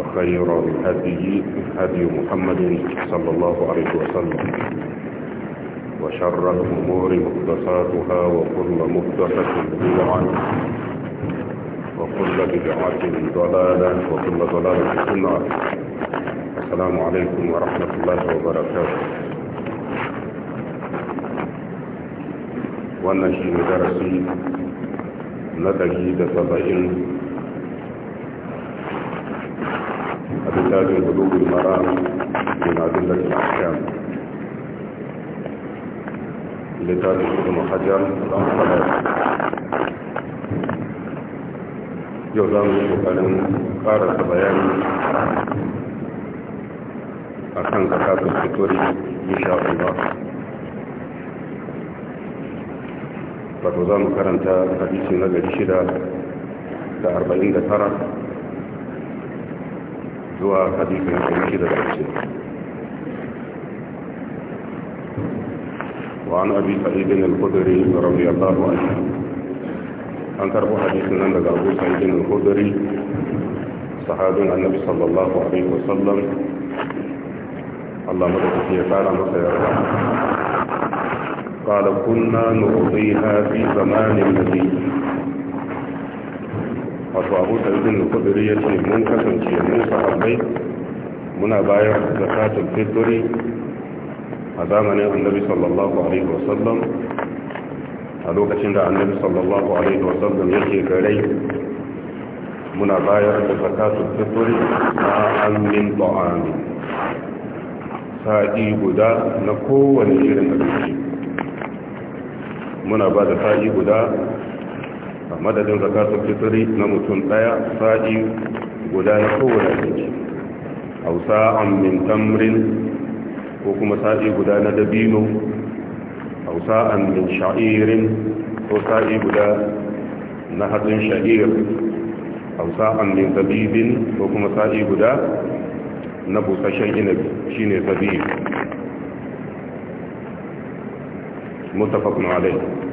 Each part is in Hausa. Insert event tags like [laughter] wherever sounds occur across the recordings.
وخير الهدي هدي محمد صلى الله عليه وسلم وشر الأمور مقدساتها وكل مقدسة بدعة وكل بدعة ضلالة وكل ضلالة في النار السلام عليكم ورحمة الله وبركاته wannan shi ne darasi أبتاج البلوغ المرام من أدلة الأحكام لتاج ابن حجر الأنصار يوزان شكاً قارة بيان أخان زكاة الفطور إن شاء الله wato za mu karanta hadisi na gari shida da arba'in da tara هو خديث من كده تفسير وعن أبي سعيد الخدري رضي الله عنه أن تربو حديثنا عند أبو سعيد الخدري صحاب عن النبي صلى الله عليه وسلم الله مدد في تعالى مسيرا قال كنا نقضيها في زمان النبي wato abu da ibn al ya ce mun kasance mun sahabbai muna bayar da katin fitri a zamanin annabi sallallahu alaihi wasallam a lokacin da annabi sallallahu alaihi wasallam yake gare muna bayar da zakatun fitri na amin ta'ami sa'i guda na kowane irin abinci muna ba da sa'i guda madadin zakatun fitri na mutum daya sa'i guda na kowane abinci au sa'an min tamrin ko kuma sa'i guda na dabino au sa'an min sha'irin ko sa'i guda na hatsin sha'ir au sa'an min zabibin ko kuma sa'i guda na busashen inabi shine zabib mutafakun alai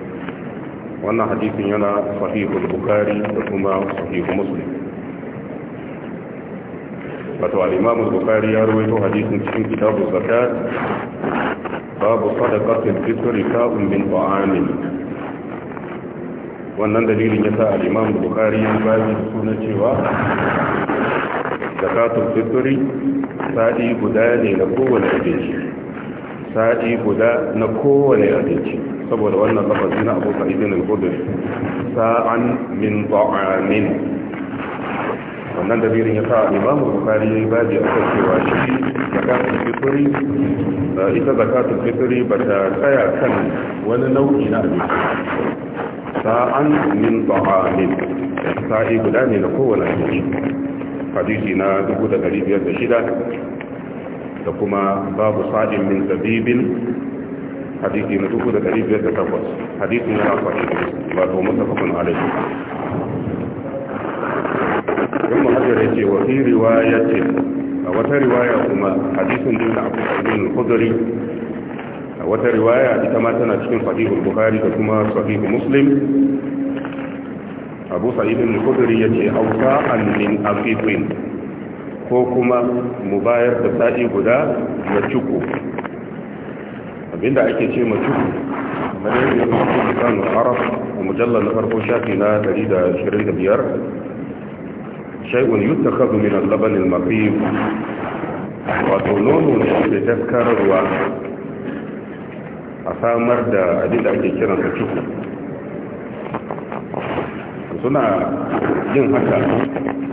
wannan hadisin yana sahihul bukari da kuma sahihul muslim wato alimamu imam bukari ya rawaito hadisin cikin kitabu zakat babu sadaqatul fitri ka'un min ta'amin wannan dalilin yasa al-imam bukari ya bayyana suna cewa zakatul fitri sa'i guda ne na kowane abinci sa'i guda na kowane abinci saboda wannan lafazi na abu sa'idin al-khudri sa'an min ta'amin wannan dabirin ya sa imamu bukari ya yi baji a kan cewa shi zakatul fitri ita zakatul fitri ba ta tsaya kan wani nau'i na abinci sa'an min ta'amin sa'i guda ne na kowane abinci hadisi na 1506 da kuma babu sa'in min zabibin hadisi na uku da ɗari biyar da takwas hadisi na rafa'i wato mutafakun alaihi don muhajjar ya ce wa fi riwaya ce a wata riwaya kuma hadisin din da abu sa'idin hudari a wata riwaya ita ma tana cikin sahihul bukhari da kuma sahihul muslim abu sa'idin hudari ya ce auka an min afifin ko kuma mu bayar da sa'i guda da cuku abinda ake ce ma cuku kamar yadda ya fi kan arab a mujallar na farko shafi na 125 shai'un yutta kazu min labanin mafi wato nono ne ke taskararwa a samar da abinda ake ake kiransa cuku suna yin haka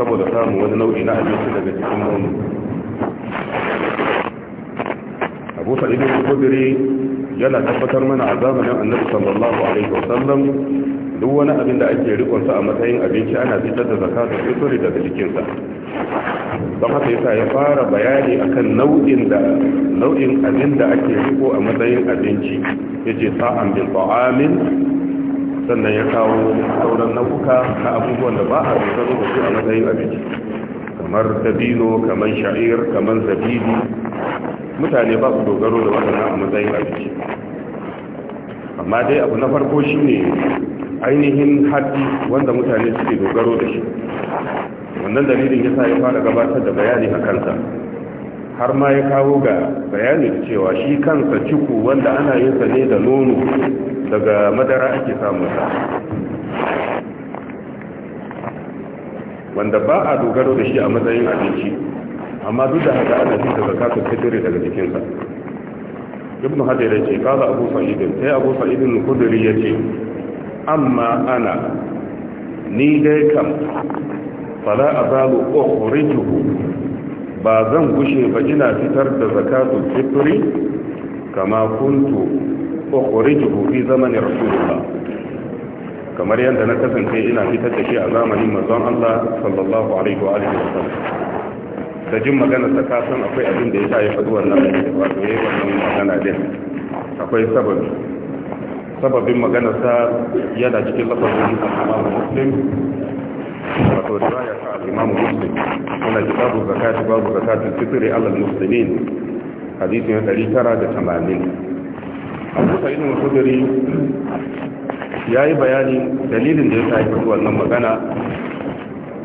saboda samun wani nau'i na abinci daga cikin nono abu sa'id al yana tabbatar mana a zamanin annabi sallallahu alaihi wasallam duk wani abin da ake rikon a matsayin abinci ana fitar da zakatul fitr daga jikinsa don haka yasa ya fara bayani akan nau'in da nau'in abin da ake riko a matsayin abinci yace sa'an bil ta'amin sannan ya kawo sauran nau'uka na abubuwan da ba a rikon da su a matsayin abinci kamar dabino kamar sha'ir kamar zabibi mutane ba su dogaro da waɗannan a matsayin abinci amma dai abu na farko shine ainihin haddi wanda mutane suke dogaro da shi wannan dalilin ya sa ya fara gabatar da bayani a kansa har ma ya kawo ga bayanin cewa shi kansa ciku wanda ana yin sa ne da nono daga madara ake samun sa wanda ba a dogaro da shi a matsayin abinci amma duk da haka ana daga zakatul fitiri daga jikinsa ibn hajar ya ce kala abu sa'idin sai abu sa'idin kuduri ya ce amma ana ni dai kam fara a ƙwaƙwari juhu ba zan gushe ba ina fitar da zakatun fitri kama kuntu juhu fi zamanin rasulullah kamar yadda na kasance ina fitar da shi a zamanin mazan allah sallallahu alaihi wa sallam da jin magana ta kasan akwai abin da ya sa ya faɗi wannan wato ya yi wannan magana din akwai sababi sababin magana ta yana cikin lafafin al'imamu muslim wato da ya sa al'imamu muslim suna ji babu zakati babu zakatun fitri alal muslimin hadisin 980 abu sa'id al ya yi bayani dalilin da ya sa ya faɗi wannan magana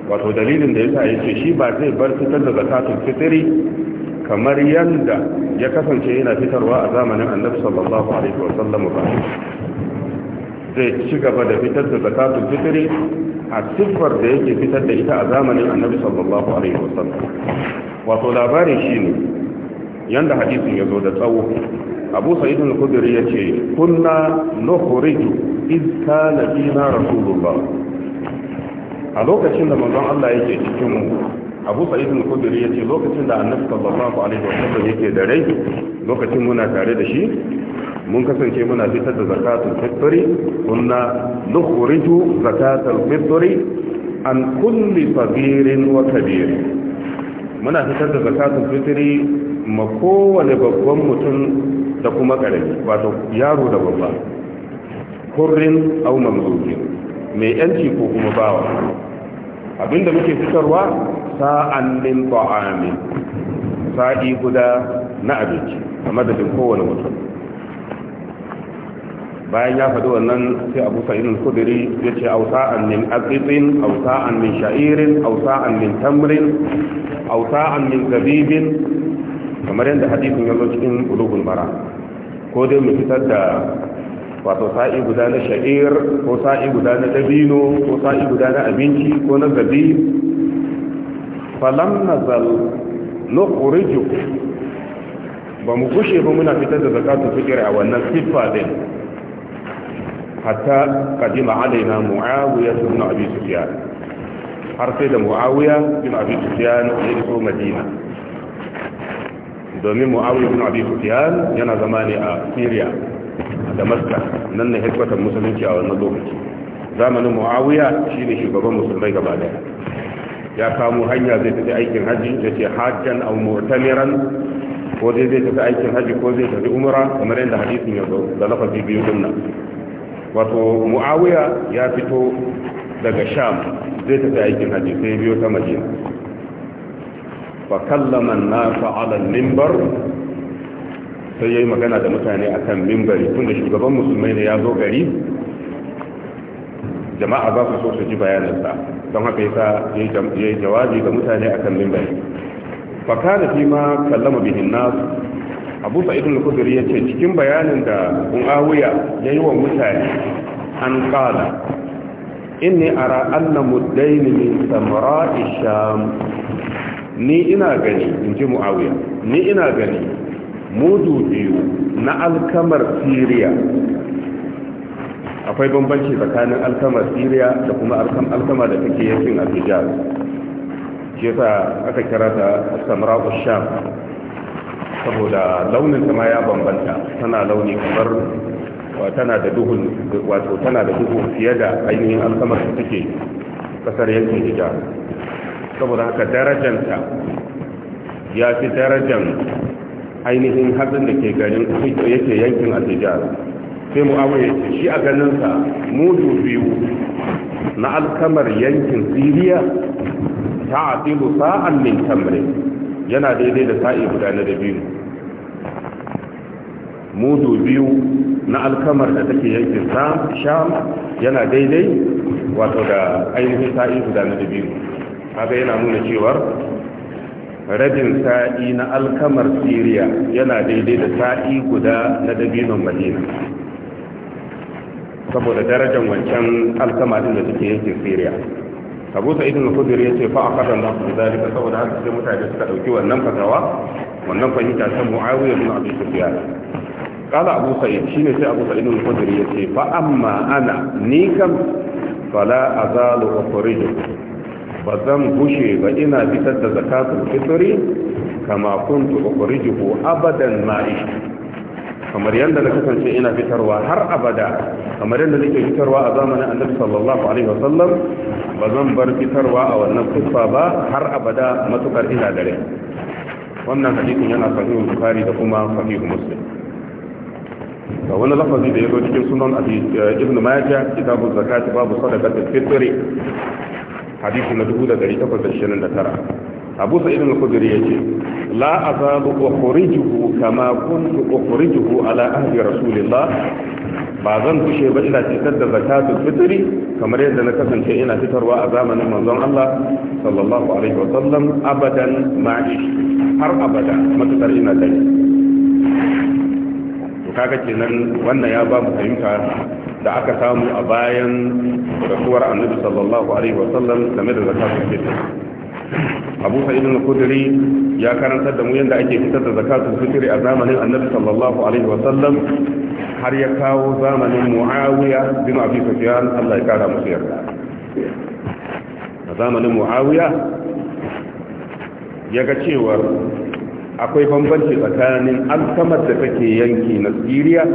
wato dalilin da yasa yace shi ba zai bar fitar da zakatul fitri kamar yanda ya kasance yana fitarwa a zamanin annabi sallallahu alaihi wasallam ba zai ci gaba da fitar da zakatul fitri a siffar da yake fitar da ita a zamanin annabi sallallahu alaihi wasallam wato labarin shine yanda hadisin ya zo da tsawo abu sa'id al-khudri yace kunna nukhriju iz kana fina rasulullah a lokacin da manzon Allah yake cikin mu Abu Sa'id al-Khudri yace lokacin da Annabi sallallahu alaihi sallam yake da rai lokacin muna tare da shi mun kasance muna fitar da zakatul fitri kunna nukhriju zakatul fitri an kulli sagirin wa kabir muna fitar da zakatul fitri ma kowane babban mutum da kuma karami wato yaro da babba kurrin aw mamzukin mai yanci ko kuma bawa abinda muke fitarwa sa'an min ta'amin sa'i guda na abinci a madadin kowane mutum bayan ya faɗi wannan sai abu sa'irin kudiri ya ce au sa'an min azirin au sa'an min sha'irin au sa'an min tamrin au sa'an min zabibin kamar yadda hadisin ya cikin ulugun bara, ko dai mu fitar da wato sa'i guda na sha'ir ko sa'i guda na dabino ko sa'i guda na abinci ko na zabi falam nazal nukhrijuk ba mu gushe ba muna fitar da zakatu fikir a wannan siffa din hatta qadima alaina muawiya ibn abin sufyan har sai da muawiya ibn abi sufyan ya iso madina domin muawiya ibn abin sufyan yana zama ne a syria da maska nan na hikmatar musulunci a wannan lokaci zamanin muawiya shine shugaban musulmai gaba daya ya kamo hanya zai tafi aikin hajji ya ce hajjan au mu'tamiran ko dai zai tafi aikin hajji ko zai tafi umra kamar yadda hadisin ya zo da lafazi biyu din nan wato muawiya ya fito daga sham zai tafi aikin hajji sai biyu ta madina fa kallama an-nasa 'ala al-minbar sai ya yi magana da mutane a kan mimbari tunda shugaban musulmai ne ya zo gari jama'a ba su so su ji bayanansa don haka yasa ya yi jawabi ga mutane a kan mimbari fakara fi ma kallama bihin nasu abu sa'id al ya yace cikin bayanin da ya yayi wa mutane an kala inni ara anna muddain min samra'i sham ni ina gani inji muawiya ni ina gani mudu biyu na alkamar siriya akwai bambanci tsakanin alkamar siriya da kuma alkama da take yankin abuja ke sa aka kira ta samara'u sham saboda launin ta ma ya bambanta tana launi kamar tana da duhun wato tana da duhun fiye da ainihin alkamar da take kasar yankin hijab saboda haka darajanta ya fi darajan ainihin hazin da ke garin yake yankin al-hijaz sai mu'awar ya ce shi a ganinsa mudu biyu na alkamar yankin siriya ta atilu sa'an min tamre yana daidai da sa'i guda na dabino mudu biyu na alkamar da take yankin sham yana daidai wato da ainihin sa'i guda na dabino haka yana nuna cewar rabin sa'i na alkamar syria yana daidai da sa'i guda na dabinon madina saboda darajar wancan alkama da suke yankin syria abu sa na hudur ya ce fa a kasan da su zalika saboda haka sai mutane suka dauki wannan fatawa wannan fahimta ta muawiya bin abi sufyan kala abu sa'id shine sai abu sa'id al ya ce fa amma ana ni kam fala azalu ukhriju ba zan gushe ba ina fitar da zakatun fitri kama kuntu ukhrijuhu abadan ma kamar yadda na kasance ina fitarwa har abada kamar yadda nake fitarwa a zamanin annabi sallallahu alaihi wasallam ba zan bar fitarwa a wannan kufa ba har abada matukar ina dare wannan hadisin yana sahihu bukhari da kuma sahihu muslim ga wani lafazi da ya zo cikin sunan abi eh, ibn majah kitabu zakat babu sadaqatul fitr hadisi na 1829 abu sa'id al-khudri yace la azabu ukhrijuhu kama kuntu ukhrijuhu ala ahli rasulillah ba zan kushe ba ina fitar da zakatul fitri kamar yadda na kasance ina fitarwa a zamanin manzon Allah sallallahu alaihi wa sallam abadan ma'i har abada matakar ina dai to kaga kenan wannan ya ba mu fahimta da aka samu a bayan rasuwar annabi sallallahu alaihi wasallam game da zakatul fitr abu sa'id al-khudri ya karanta da mu yadda ake fitar da zakatul fitr a zamanin annabi sallallahu alaihi wasallam har ya kawo zamanin muawiya bin abi sufyan Allah ya kara masa yarda a zamanin muawiya ya ga cewa akwai bambanci tsakanin alkamar da take yanki na siriya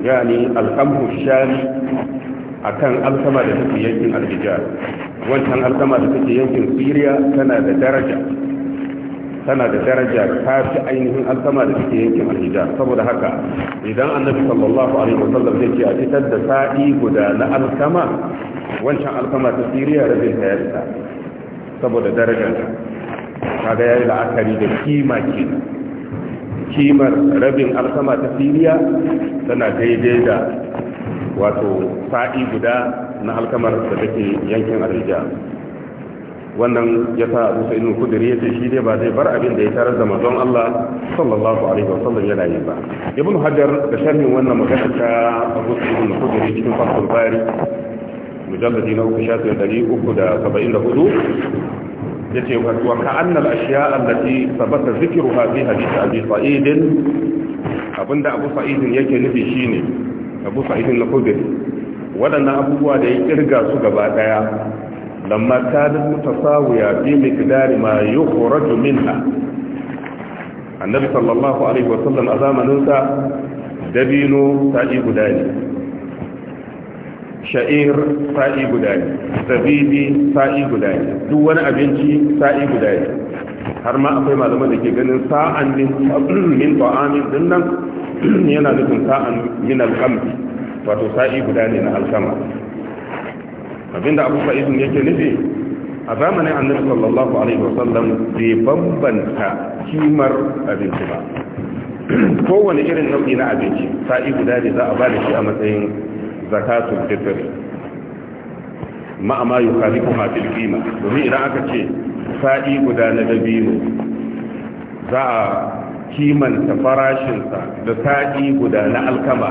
yani alhamhu shari kan alkama da take yankin alhijar wancan alkama da take yankin syria tana da daraja tana da daraja ta fi ainihin alkama da take yankin alhijar saboda haka idan annabi sallallahu alaihi wasallam ya ce a fitar da sa'i guda na alkama wancan alkama ta syria rabin ta yarda saboda darajar kaga yayi la'akari da kima kenan kimar rabin alkama ta siriya tana daidai da wato fa'i guda na alkamar da take yankin arija wannan ya sa abu sa'in kudiri ya ce shi dai ba zai bar abin da ya tarar da mazon Allah sallallahu alaihi wasallam yana yi ba ibn hajar da sharhin wannan magana ta abu sa'in kudiri cikin fasul bari mujalladi na uku shafin ɗari uku da saba'in da hudu yace wa ka'anna al-ashya allati sabata zikruha fi hadith abi sa'id abinda abu sa'id yake nufi shi ne abu sa'id na khudri waɗannan abubuwa da ya kirga su gaba daya lamma kanat ya bi miqdari ma yukhraju minha annabi sallallahu alaihi wasallam a zamanin sa dabino sa'i guda ne sha'ir sa'i guda ne zabibi sa'i guda ne duk wani abinci sa'i guda ne har ma akwai malaman da ke ganin sa'an min ta'amin din nan yana nufin sa'an min alhamdi wato sa'i guda ne na alkama abinda abu sa'idun yake nufi a zamanin annabi sallallahu alaihi wasallam bai bambanta kimar abinci ba kowane irin nau'i na abinci sa'i guda ne za a ba da shi a matsayin zakatul fitr ma amma yukhalifu ma fil domin idan aka ce sa'i guda na dabino za a kimanta farashinsa da sa'i guda na alkama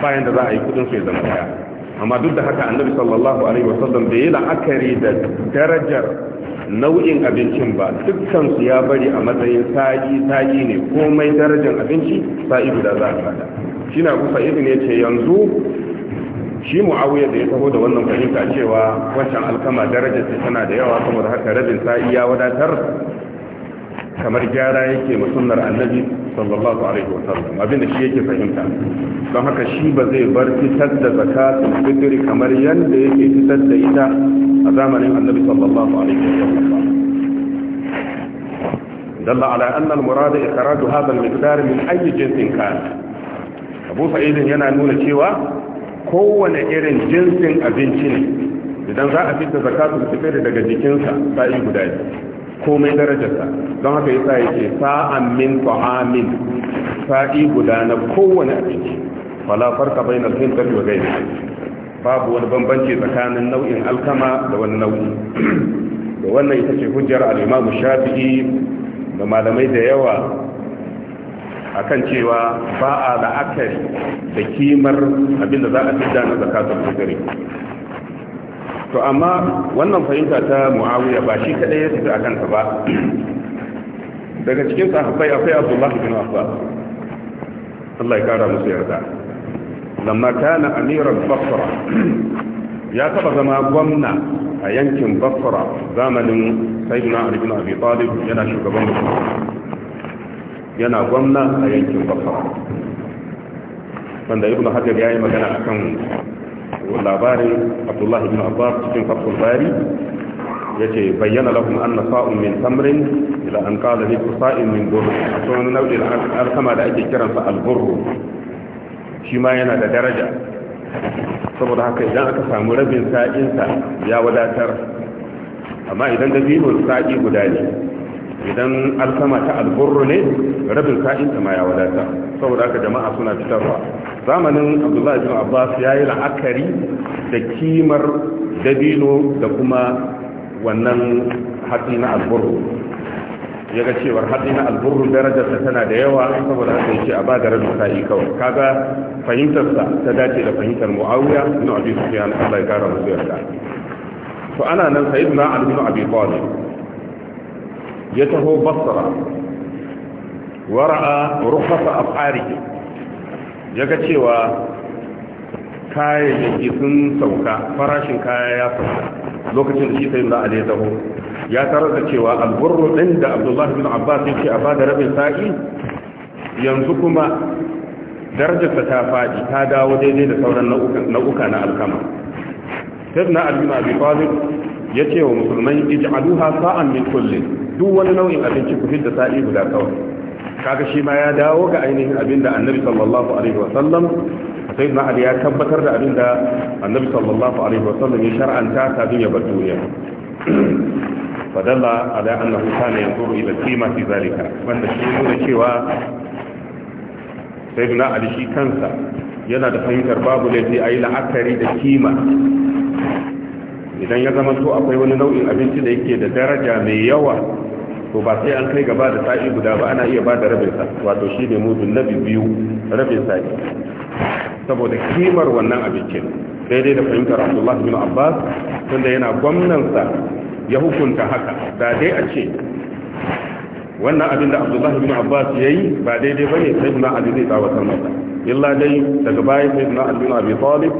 bayan da za a yi kudin ya zama daya amma duk da haka annabi sallallahu alaihi wasallam da yi la'akari da darajar nau'in abincin ba dukkan su ya bari a matsayin sa'i sa'i ne komai darajar abinci sa'i guda za a kada shi na kusa irin ya ce yanzu shi muawiya da ya taho da wannan fahimta cewa wancan alkama darajar ta tana da yawa saboda haka rabin sa iya wadatar kamar gyara yake ma annabi sallallahu alaihi wa sallam abinda shi yake fahimta don haka shi ba zai bar fitar da zakatul fitr kamar yadda yake fitar da ita a zamanin annabi sallallahu alaihi wa sallam dalla ala anna al murad ikhraj hadha al miqdar min ayyi jinsin kana abu sa'id yana nuna cewa kowane irin jinsin abinci ne idan za a fita su fitr daga jikinsa sa'i guda komai darajarsa don haka yasa yake sa'an min ta'amin sa'i guda na kowane abinci fala farka bainal tafi wa ghayrihi babu wani bambanci tsakanin nau'in alkama da wani nau'i da wannan ita ce hujjar al'imamu shafi'i da malamai da yawa akan cewa ba a la'akari da kimar abin da za a fidda na zakatul fitri to amma wannan fahimta ta muawiya ba shi kadai ya tafi a ta ba daga cikin sahabbai akwai abdullah bin abbas Allah ya kara musu yarda lamma kana amiran basra ya taba zama gwamna a yankin basra zamanin sayyidina ali bin abi talib yana shugaban musulmi yana gwamna a yankin basra wanda ibn hajar ya yi magana a kan labarin abdullahi ibn abbas cikin fasul bari ya ce bayyana lahum anna sa'un min tamrin ila an qala li sa'in min burr akwai wani nau'in alkama da ake kiransa alburru shi ma yana da daraja saboda haka idan aka samu rabin sa'insa ya wadatar amma idan dabino sa'i guda ne idan alkama ta alburru ne rabin sa'in ta ma ya wadata saboda haka jama'a suna fitarwa zamanin abdullahi bin abbas ya yi la'akari da kimar dabino da kuma wannan hatsi na alburru ya ga cewar hatsi na alburru darajarsa tana da yawa saboda haka ce a ba da rabin sa'i kawai kaga fahimtarsa ta dace da fahimtar muawiya ibn abi sufyan Allah ya kara musu yarda to ana nan sayyidina ali bin abi talib ya taho basara, wara'a rukhasa afari yaga cewa kayayyaki sun sauka farashin kaya ya sauka lokacin da shi sai da ya taho ya tarar da cewa alburru da abdullahi bin abbas ya ce a bada rabin sa'i yanzu kuma darajarsa ta faɗi ta dawo daidai da sauran nau'uka na alkama sayyidina ali bin abi talib ya ce wa musulmai ij'aluha sa'an min kulle duk wani nau'in abinci ku fidda sa'i guda kawai kaga shi ya dawo ga ainihin abinda annabi sallallahu alaihi wasallam sai na ali ya tabbatar da abin da annabi sallallahu alaihi wasallam ya shar'anta kafin ya bar duniya fadalla ala annahu kana yanzuru ila qima fi zalika wanda shi nuna cewa sayyidina ali shi kansa yana da fahimtar babu laifi a yi la'akari da kima idan ya zama to akwai wani nau'in abinci da yake da daraja mai yawa to ba sai an kai gaba da sa'i guda ba ana iya ba da rabin sa wato shi ne mudun nabi biyu rabin sa'i saboda kimar wannan abincin daidai da fahimtar abdullahi bin abbas tunda yana gwamnansa ya hukunta haka da dai a ce wannan abin da abdullahi bin abbas ya yi ba daidai ba ne sai na ali zai tsawatar masa illa dai daga baya sai ibn ali bin abi talib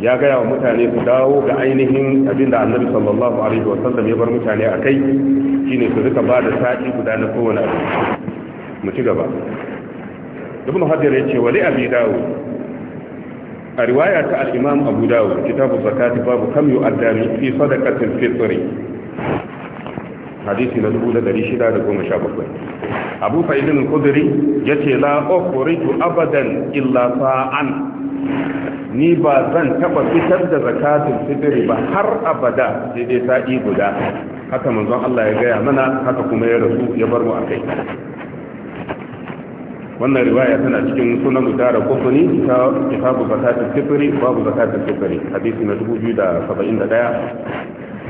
ya gaya wa mutane su dawo ga ainihin abinda annabi sallallahu alaihi wa sallam ya bar mutane a kai shine su rika ba da sati guda na kowane abu mu ci gaba ibn hajar yace wa li abi dawud a riwaya ta al-imam abu dawud kitabu zakati babu kam yu'adda min fi sadaqatil fitr hadisi na 1617 abu sa'id al-khudri yace la ukhriju abadan illa sa'an ni ba zan taba fitar da zakatun fitri ba har abada sai dai sa'i guda haka manzon Allah ya gaya mana haka kuma ya rasu ya bar mu akai wannan riwaya tana cikin sunan mutara kufuni ta kitabu zakatun fitri babu zakatun fitri hadisi na 271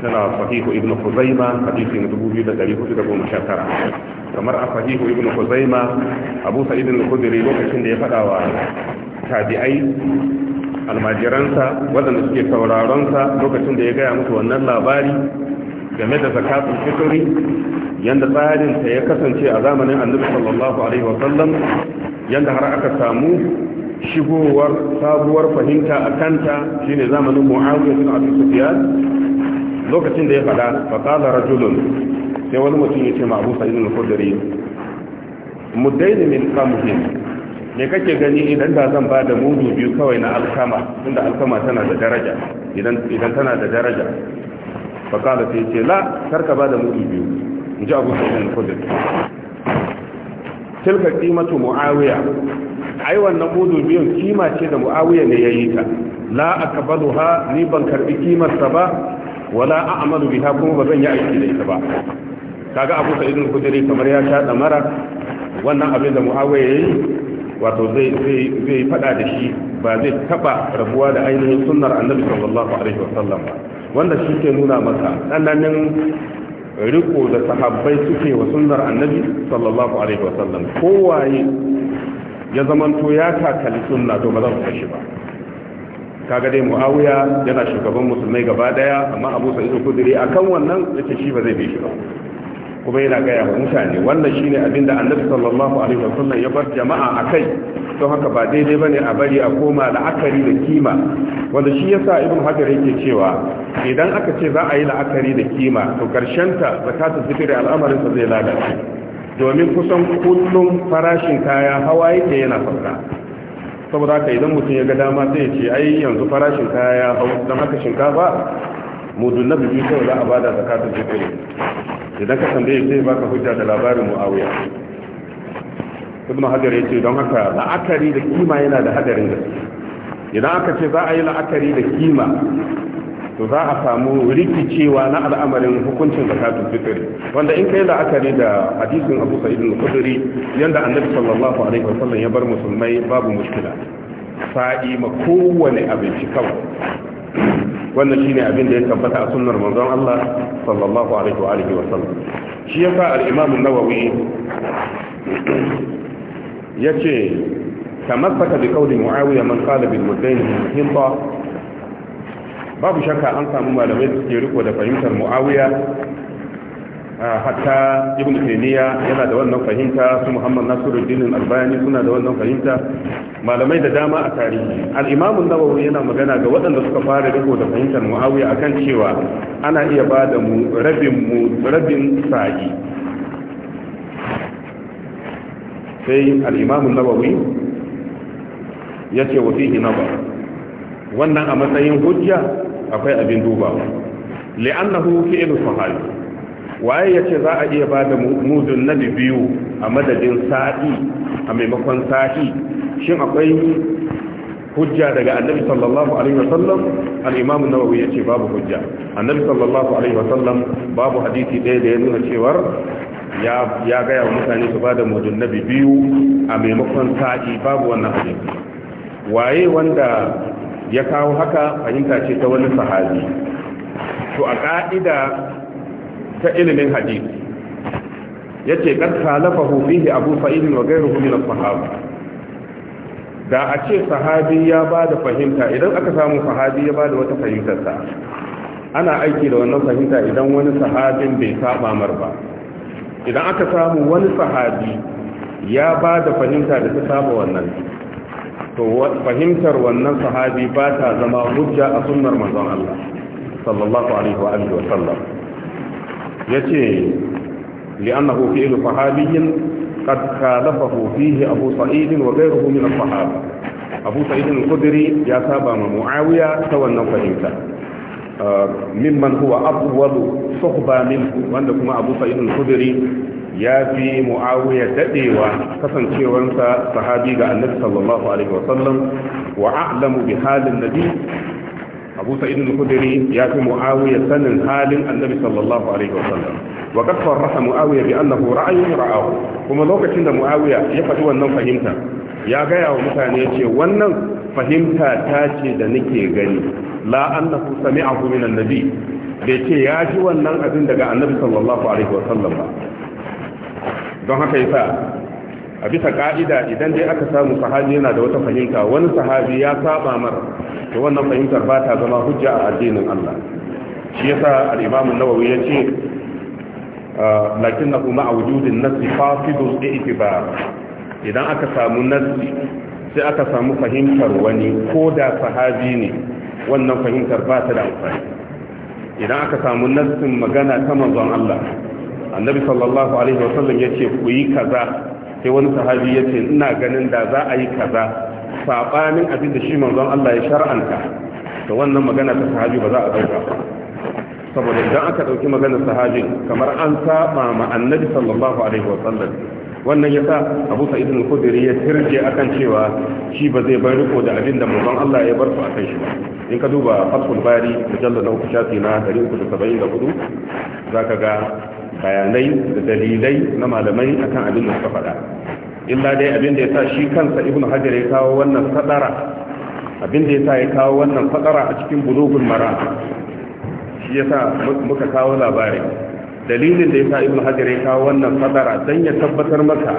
tana sahihu ibnu khuzaima hadisi na 2419 kamar a sahihu ibnu khuzaima abu sa'id al-khudri lokacin da ya fada wa tabi'ai almajiransa waɗanda suke sauraronsa lokacin da ya gaya musu wannan labari game da zakatun fitri yanda tsarinsa ya kasance a zamanin annabi sallallahu alaihi sallam yanda har aka samu shigowar sabuwar fahimta a kanta shine zamanin mu'awiyah bin abi sufyan lokacin da ya fada fa qala rajulun sai wani mutum ya ce ma abu sa'id al-khudri muddain min qamhin me kake gani idan da zan ba da mudu biyu kawai na alkama tunda alkama tana da daraja idan idan tana da daraja fa kala sai ce la karka ba da mudu biyu in ji abu sai ko da tilka qimatu muawiya ai wannan mudu biyun kima ce da muawiya ne yayi ta la akbaduha ni ban karbi kimar sa ba wala a'malu biha kuma zan yi aiki da ita ba kaga abu sa'id al-khudri kamar ya sha damara wannan abin da muawiya yayi wato zai zai fada da shi ba zai taba rabuwa da ainihin sunnar annabi sallallahu alaihi wasallam wanda shi ke nuna maka tsananin riko da sahabbai suke wa sunnar annabi sallallahu alaihi wasallam kowaye ya zamanto ya kakali sunna to ba zan ku kashi ba kaga dai muawiya yana shugaban musulmai gaba daya amma abu sa'id al-khudri akan wannan yace shi ba zai bi shi ba kuma yana gaya wa mutane wannan shine abin da annabi sallallahu alaihi wasallam ya bar jama'a a kai don haka ba daidai bane a bari a koma la'akari da kima wanda shi yasa ibn hajar yake cewa idan aka ce za a yi la'akari da kima to karshen ta zakatu al'amarin sa zai lalace domin kusan kullum farashin kaya hawa yake yana sauka saboda haka idan mutum ya ga dama sai ya ce ai yanzu farashin kaya ya hau don haka shinkafa mudun na biyu za a bada zakatu zikri idan ka tambaye sai baka hujja da labarin muawiya ibnu hajar yace don haka la'akari da kima yana da hadarin gaske idan aka ce za a yi la'akari da kima to za a samu rikicewa na al'amarin hukuncin zakatul fitr wanda in kai la'akari da hadisin Abu Sa'id al-Khudri yanda Annabi sallallahu alaihi wasallam ya bar musulmai babu mushkila fai ma kowane abinci kawai wannan shine abin da ya tabbata a sunnar manzon Allah sallallahu alaihi wa alihi wa sallam shi ya yasa al-Imam an-Nawawi yace tamassaka bi qawli Muawiya man qala bil mudayn hinta babu shakka an samu malamai da suke riko da fahimtar Muawiya hatta ibn taymiya yana da wannan fahimta su muhammad nasiruddin albani suna da wannan fahimta malamai da dama a tarihi al-imam an-nawawi yana magana ga waɗanda suka fara riko da fahimtar muawiya akan cewa ana iya ba da mu rabin mu rabin sa'i sai al-imam an-nawawi yace wa fihi nabar wannan a matsayin hujja akwai abin dubawa li'annahu fi'lu sahabi waye ya ce za a iya ba da mudun nabi biyu a madadin sa'i a maimakon sa'i shin akwai hujja daga annabi sallallahu alaihi wasallam al-imam an-nawawi yace babu hujja annabi sallallahu alaihi wasallam babu hadisi ɗaya da ya nuna cewar ya ya ga ya mutane su bada mudun nabi biyu a maimakon sa'i babu wannan hadisi waye wanda ya kawo haka fahimta ce ta wani sahabi to a ka'ida ta ilimin hadisi ya yace kad khalafahu fihi abu sa'id wa ghayruhu min as-sahaba da a ce sahabi ya ba da fahimta idan aka samu sahabi ya ba da wata fahimtarsa ana aiki da wannan fahimta idan wani sahabin bai saba mar ba idan aka samu wani sahabi ya ba da fahimta da ta saba wannan to fahimtar wannan sahabi ba ta zama hujja a sunnar manzon Allah sallallahu alaihi wa alihi wa sallam yace li'annahu fi'lu sahabiyyin qad khalafahu fihi abu sa'id wa ghayruhu min as-sahaba abu sa'id al-khudri ya saba ma muawiya ta wannan fahimta uh, mimman huwa afwalu suhba min wanda kuma abu sa'id al-khudri ya fi muawiya dadewa kasancewansa sahabi ga annabi sallallahu alaihi wasallam wa a'lamu bi halin nabi abu sa'id al-khudri ya fi muawiya sanin halin annabi sallallahu alaihi wasallam wa qad sarraha muawiya bi annahu ra'ayun ra'ahu kuma lokacin da muawiya ya faɗi wannan fahimta ya gaya wa mutane ce wannan fahimta ta ce da nake gani la annahu sami'ahu min annabi bai ce ya ji wannan abin daga annabi sallallahu alaihi sallam ba don haka yasa a bisa ka'ida idan dai aka samu sahabi yana da wata fahimta wani sahabi ya saba mar to wannan fahimtar ba ta zama hujja a addinin Allah shi yasa al-Imam an-Nawawi yace ah, lakinnahu ma'a wujudin nasi fasidul i'tibar idan aka samu nasi sai aka samu fahimtar wani ko da sahabi ne wannan fahimtar ba ta da amfani idan aka samu nassin magana ta manzon Allah annabi sallallahu alaihi wasallam yace ku yi kaza sai wani sahabi ya ce ina ganin da za a yi kaza saɓanin abin da shi manzon Allah ya shar'anta da wannan magana ta sahabi ba za a ɗauka saboda idan aka ɗauki maganar sahabi kamar an saba ma annabi sallallahu alaihi wa sallam wannan sa Abu Sa'id al-Khudri ya tirje akan cewa shi ba zai bar riko da abin da manzon Allah ya bar su akan shi ba in ka duba Fathul Bari mujallal na na 374 zaka ga bayanai da dalilai na malamai akan abin da suka faɗa illa dai abin da ya sa shi kansa ibnu hajar ya kawo wannan fadara abin da ya sa ya kawo wannan fadara a cikin bulugul mara shi ya sa muka kawo labari dalilin da ya sa ibnu hajar ya kawo wannan fadara don ya tabbatar maka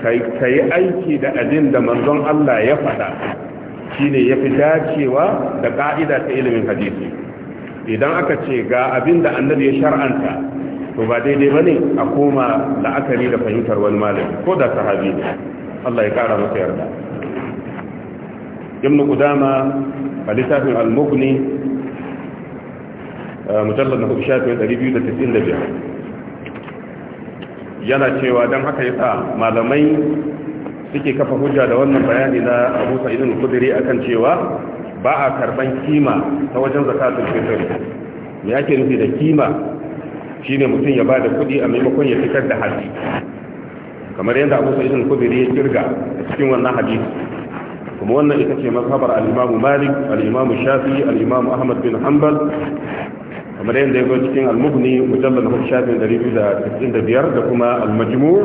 ka yi aiki da abin da manzon Allah ya faɗa shine ya fi dacewa da ka'ida ta ilimin hadisi idan aka ce ga abin da annabi ya shar'anta to ba daidai bane a koma la'akari da fahimtar wani malami ko da sahabi Allah ya kara masa yarda ibn qudama a littafin al-mughni mujallad na shafi 295 yana cewa dan haka yasa malamai suke kafa hujja da wannan bayani na Abu Sa'id al-Khudri akan cewa ba a karban kima ta wajen zakatul fitr me yake nufi da kima Shi ne mutum ya bada kuɗi a maimakon ya fitar da haji kamar yadda abu sa'id al ya kirga a cikin wannan hadisi kuma wannan ita ce mazhabar al-imam malik al-imam shafi al-imam ahmad bin hanbal kamar yadda ya zo cikin al-mughni mujallal na shafin 295 da kuma al-majmu'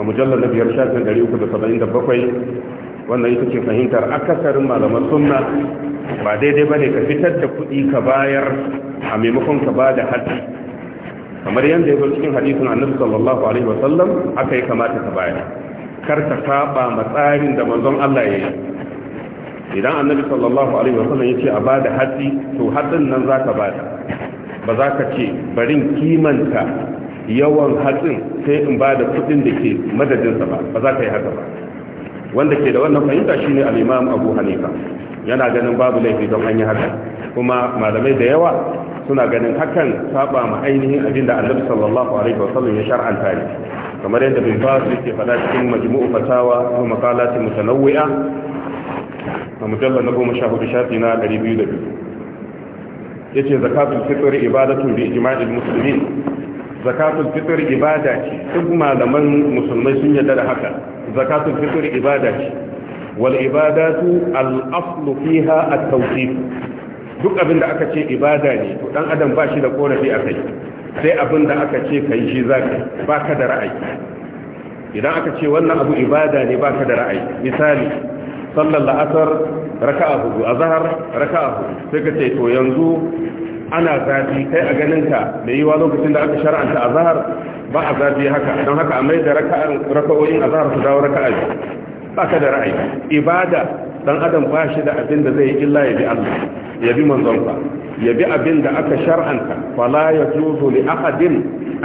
a mujallal na biyar shafin 377 wannan ita ce fahimtar akasarin malaman sunna ba daidai ba ne ka fitar da kuɗi ka bayar a maimakon ka ba da haji kamar yadda ya zo cikin hadisin annabi sallallahu alaihi sallam, aka yi kamata ka bayar kar ka saba matsarin da manzon Allah ya yi idan annabi sallallahu alaihi wasallam ya ce a bada hatsi to hatsin nan za ka bada ba za ka ce barin kimanta yawan hatsin sai in bada kudin da ke madadinsa ba ba za ka yi haka ba wanda ke da wannan fahimta shine al-imam Abu Hanifa yana ganin babu laifi don an yi haka kuma malamai da yawa suna ganin hakan saba ma ainihin abin da annabi sallallahu alaihi wasallam ya shar'anta ne kamar yadda bin bas yake faɗa cikin majmu'u fatawa ko maqalati mutanawwi'a a mujallar na goma sha hudu shafi na ɗari biyu da biyu ya ce zakatul fitr ibadatun bi ijma'il muslimin zakatul fitr ibada ce duk malaman musulmai sun yarda da haka zakatul fitr ibada ce wal ibadatu al aslu duk abin da aka ce ibada ne to dan adam ba shi da korafi akai sai abin da aka ce kai shi ba ka da ra'ayi idan aka ce wannan abu ibada ne ka da ra'ayi misali sallar la'asar a hudu a zahar a hudu sai ka ce to yanzu ana zafi kai a ganin ka da yiwa lokacin da aka shara'anta a zahar ba a zafi haka don haka a mai da raka'o'in a zahar su dawo raka'a baka da ra'ayi ibada dan adam ba shi da abin da zai illa ya bi Allah yabi bi manzon sa ya abin da aka shar'anta wala yajuzu li ahadin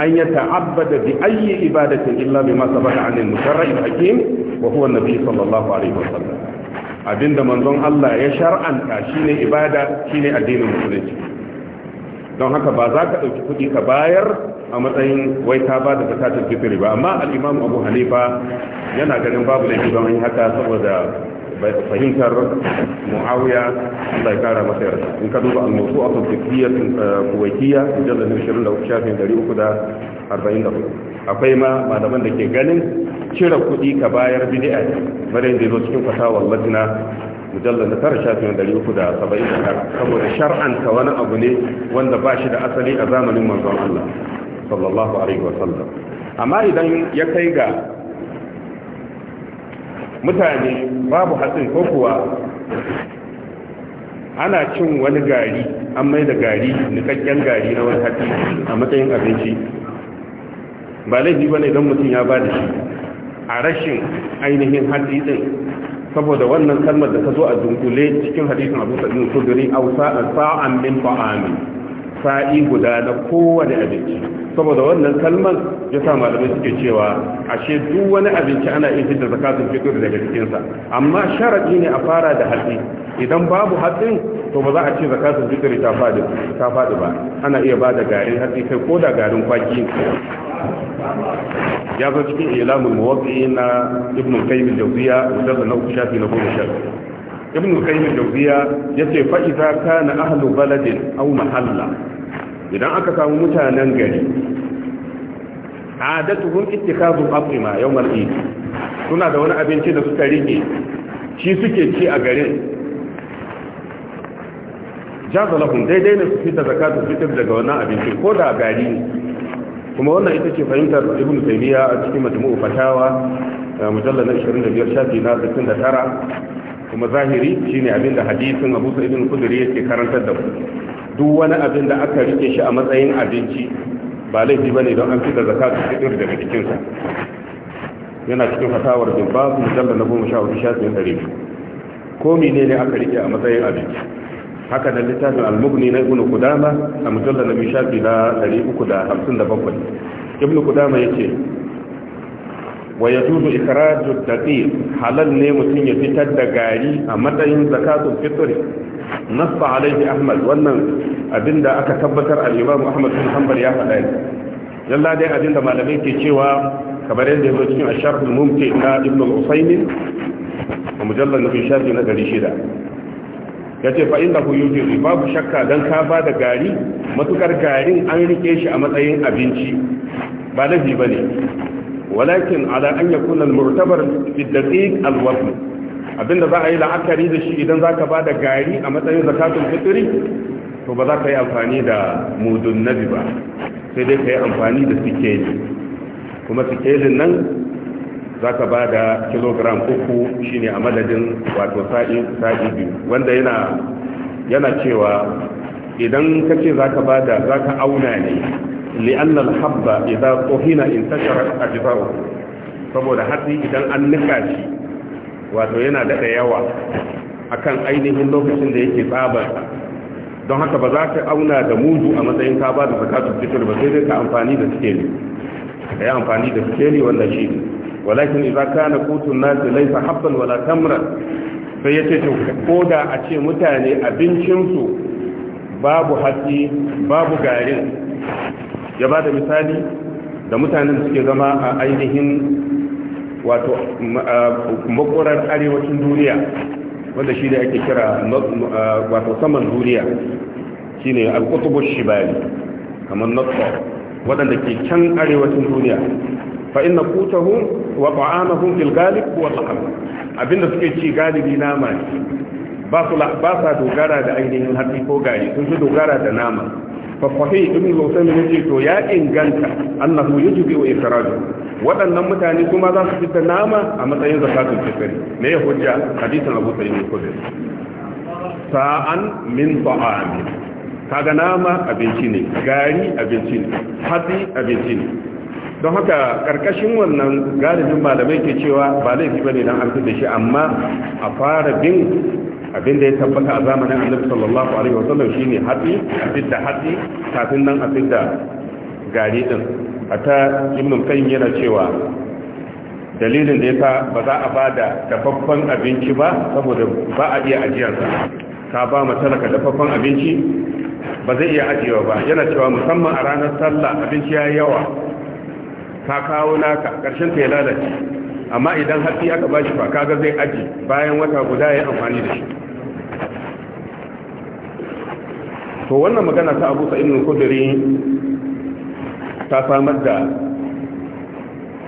an yata'abbada bi ayyi ibadatin illa bima sabata 'an al-musharra'i hakim wa huwa an-nabi sallallahu alaihi wasallam abinda manzon Allah ya shar'anta shine ibada shine addinin musulunci don haka ba za ka ɗauki kuɗi ka bayar a matsayin wai ta ba da zakatul fitri ba amma al'imamu abu hanifa yana ganin babu laifi don yin haka saboda fahimtar muawiya Allah ya kara masa yarda in ka duba al-mawsu a fiqhiyya eh, kuwaitiyya shirin da shafin uku da da hudu. akwai ma malaman da ke ganin cire kuɗi ka bayar bidia bare da zo cikin fasawar latina mujallar na tara shafin dari uku da saba'in da tara saboda shar'anta wani abu ne wanda ba shi da asali a zamanin manzon Allah sallallahu alaihi sallam amma idan ya kai ga mutane babu hatsin ko kuwa ana cin wani gari an mai da gari nikakken gari na wani hatsi a matsayin abinci ba laifi ba ne don mutum ya ba da shi a rashin ainihin hatsi din saboda wannan kalmar da ta zo a dunkule cikin hadisin abu sa'in kuduri au sa'an min ta'ami sa'i guda na kowane abinci saboda wannan kalman ya sa malamai suke cewa ashe duk wani abinci ana iya fitar zakatun fitr daga cikinsa amma sharadi ne a fara da hatsi idan babu hatsin to ba za a ce zakatun fitr ta faɗi ba ana iya ba da garin hatsi kai ko da garin kwaki ya zo cikin ilamul muwaqqi'in na Ibn qayyim al-jawziya da na uku shafi na goma shafi ibn qayyim jawziya yace fa idza kana ahlu baladin au mahalla idan aka samu mutanen gari adatuhum ittikazu atima yau eid suna da wani abinci da suka rike shi suke ci a garin jaza lahum daidai ne su fita zakatu fitar daga wannan abinci ko da gari kuma wannan ita ce fahimtar ibnu taymiya a cikin majmu'u fatawa eh, mujallal 25 shafi na 69 kuma zahiri shine abinda hadisin Abu Sa'id al-Khudri yake karantar da mu duk wani abin da aka rike shi a matsayin abinci ba laifi bane don an fita zakatu fitr daga cikin sa yana cikin fatawar bin babu mujallal na 14 shafin 100 ko menene aka rike a matsayin abinci haka da littafin al-mughni na ibn qudama a mujallal na shafi na 357 ibn qudama ce. wa ya juzu ikraju daqiq halal ne mutum ya fitar da gari a matsayin zakatul fitr nassa alaihi ahmad wannan abinda aka tabbatar al-imam ahmad bin hanbal ya faɗa ne yalla dai abinda malamai ke cewa kamar yadda ya cikin asharh mumti na ibn al-usaymin a mujallal na shafi na 600 yace fa innahu yujizu babu shakka dan ka ba da gari matukar garin an rike shi a matsayin abinci ba laifi ba ne walakin ala an yakun al-mu'tabar fi daqiq al za a yi la'akari da shi idan zaka bada gari a matsayin zakatul fitiri, to ba za ka yi amfani da mudun nabi ba sai dai ka yi amfani da sikeli kuma sikelin nan za ka ba da kilogram uku shine a madadin wato sa'i biyu wanda yana cewa idan ka ce za ka ba da za ka auna ne لأن الحب habba طهن tuhina intashara ajza'u saboda hatsi idan an nika shi wato yana dada yawa kan ainihin lokacin da yake tsabar don haka ba za ka auna da mudu a matsayin ka ba da zakatu fitr ba sai dai ka amfani da sikeli yi amfani da sikeli wanda shi walakin idza kana qutun nas laysa wala sai yace to koda a ce mutane abincin su babu hatsi babu garin ya ba da misali da mutanen suke zama a ainihin wato makorar arewacin duniya wanda shi da ake kira wato saman duniya shi ne alkutubus shibali kamar nasar waɗanda ke can arewacin duniya fa inna kutahum wa ta'amahum fil galib huwa laham abinda suke ci galibi nama ne ba su sa dogara da ainihin hatsi ko gari sun fi dogara da nama fafahi ibn al-husayn to ya inganta annahu yujbi wa ikraju waɗannan mutane kuma za su fita nama a matsayin zakatul fitr ne ya hujja hadisin Abu Sa'id al-Khudri sa'an min ta'am kaga nama abinci ne gari abinci ne hatsi abinci ne don haka karkashin wannan galibin malamai ke cewa ba laifi bane dan an fita shi amma a fara bin abin da ya tabbata a zamanin annabi sallallahu alaihi wasallam shine hadi a fidda hatsi kafin nan a fidda gari din ata ibn qayyim yana cewa dalilin da yasa ba za a bada dafaffen abinci ba saboda ba a iya ajiyar sa ka ba mu talaka dafaffen abinci ba zai iya ajiyewa ba yana cewa musamman a ranar sallah abinci ya yawa ka kawo naka karshen ta ya lalace amma idan hatsi aka bashi ba kaga zai aji bayan wata guda ya amfani da shi to wannan magana ta abu sa'id al-khudri ta samar da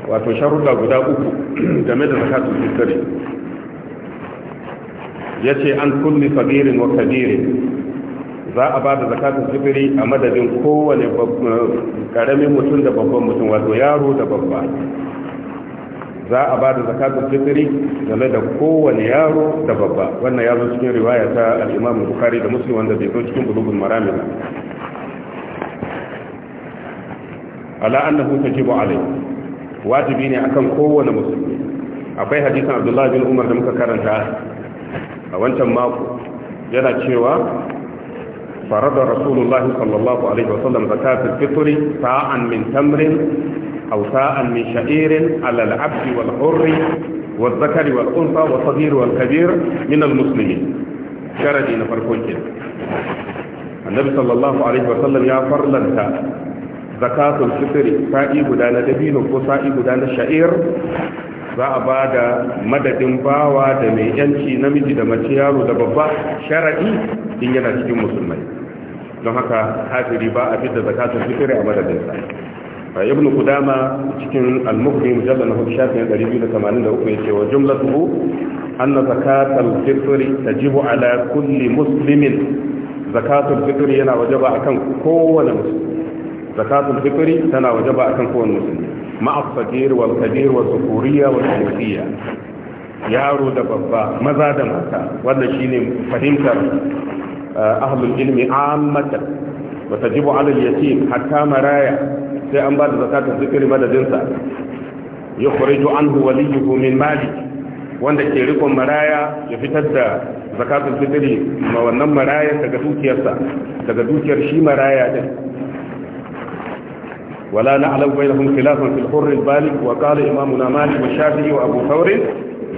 wato sharuɗa guda uku [clears throat] game da zakatul fitri yace an kulli sabirin wa kabirin za a ba da zakatun fitri a madadin kowane karamin mutum da babban mutum wato yaro da babba za a ba da zakatul fitri game da kowane yaro da babba wannan ya zo cikin riwaya ta al-Imam Bukhari da Muslim wanda bai zo cikin bulugul marami ba ala annahu tajibu alai wajibi ne akan kowane musulmi akwai hadisan Abdullahi bin Umar da muka karanta a wancan mako yana cewa farada Rasulullah sallallahu alaihi wasallam zakatul fitri sa'an min tamrin أو ساء من شعير على العبد والحر والذكر والأنثى والصغير والكبير من المسلمين شردي نفرقون كده النبي صلى الله عليه وسلم يا فرلنتا زكاة الفطر سائي بدان دبين وسائي بدان شعير za a ba da madadin bawa da mai yanci namiji da mace yaro da babba shara'i in yana cikin musulmai don haka kafiri ba a fi da zakatun fitri a madadinsa ibn qudama cikin al-mukhri mujallal nahu shafin 283 yace wa jumlatuhu anna zakatul al-fitr tajibu ala kulli muslimin zakat al-fitr yana wajaba akan kowane musulmi Zakatul al-fitr tana wajaba akan kowane musulmi ma'a al-faqir wal kabir wa dhukuriyya wal unsiyya yaro da babba maza da mata wannan shine fahimtar ahlul ilmi ammatan wa tajibu ala yatim hatta maraya sai an ba da zakatul fitr madadin sa yukhriju anhu waliyuhu min mali wanda ke rikon maraya ya fitar da zakatun fitr ma wannan maraya daga dukiyarsa daga dukiyar shi maraya din ولا نعلم بينهم خلافا في الحر البالغ وقال إمامنا مالك والشافعي وأبو ta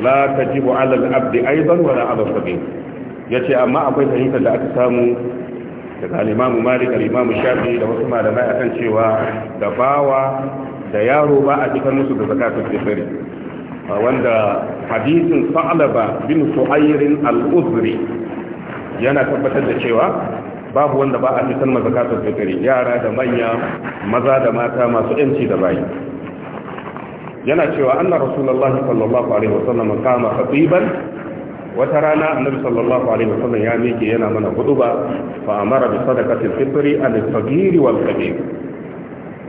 لا تجب على العبد أيضا ولا على ya ce, amma akwai fahimtar da aka samu daga al'imamu malik al'imamu shafi da wasu malamai akan cewa da bawa da yaro ba a cikin musu da zakatun fitri wanda hadisin sa'alaba bin su'ayirin al'uzuri yana tabbatar da cewa babu wanda ba a ma mazakatun fitri yara da manya maza da mata masu yanci da bayi yana cewa anna rasulallah sallallahu alaihi wasallam kama khatiban wata rana annabi sallallahu alaihi wasallam ya miƙe yana mana huduba fa amara bi sadaqatil fitri al fagir wal kabir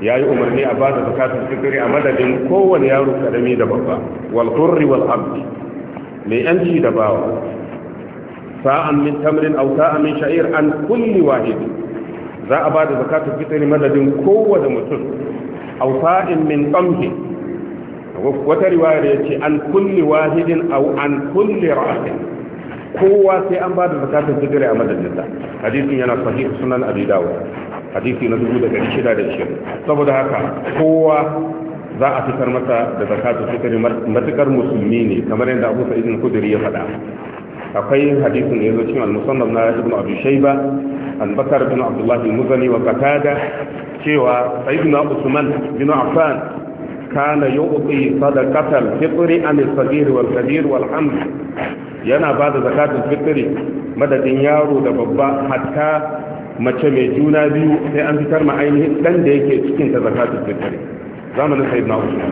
yayi umarni a bada zakatul fitri a madadin kowane yaro karami da babba wal qurri wal abd mai yanci da bawa sa'an min tamrin aw sa'an min sha'ir an kulli wahid za a bada zakatul fitri madadin kowane mutum aw sa'in min qamhi wata riwayar ya ce an kulli wahidin au an kulli ra'atin kowa sai an ba da zakatun fitri a madadinsa hadisin yana sahih sunan abi dawud hadisi na 1620 saboda haka kowa za a fitar masa da zakatun fitri matukar musulmi ne kamar yadda Abu Sa'id al-Khudri ya faɗa akwai hadisin da yazo cikin al-musannaf na Ibn Abi Shayba an Bakar bin abdullahi muzani wa Qatada cewa Sayyidina Usman bin Affan kana yu'ti sadaqatal fitri an as-saghir wal kabir wal hamd yana ba da zakatul fitri madadin yaro da babba hatta mace mai juna biyu sai an fitar ma ainihin dan da yake cikin ta zakatul fitri zamanin sayyidina usman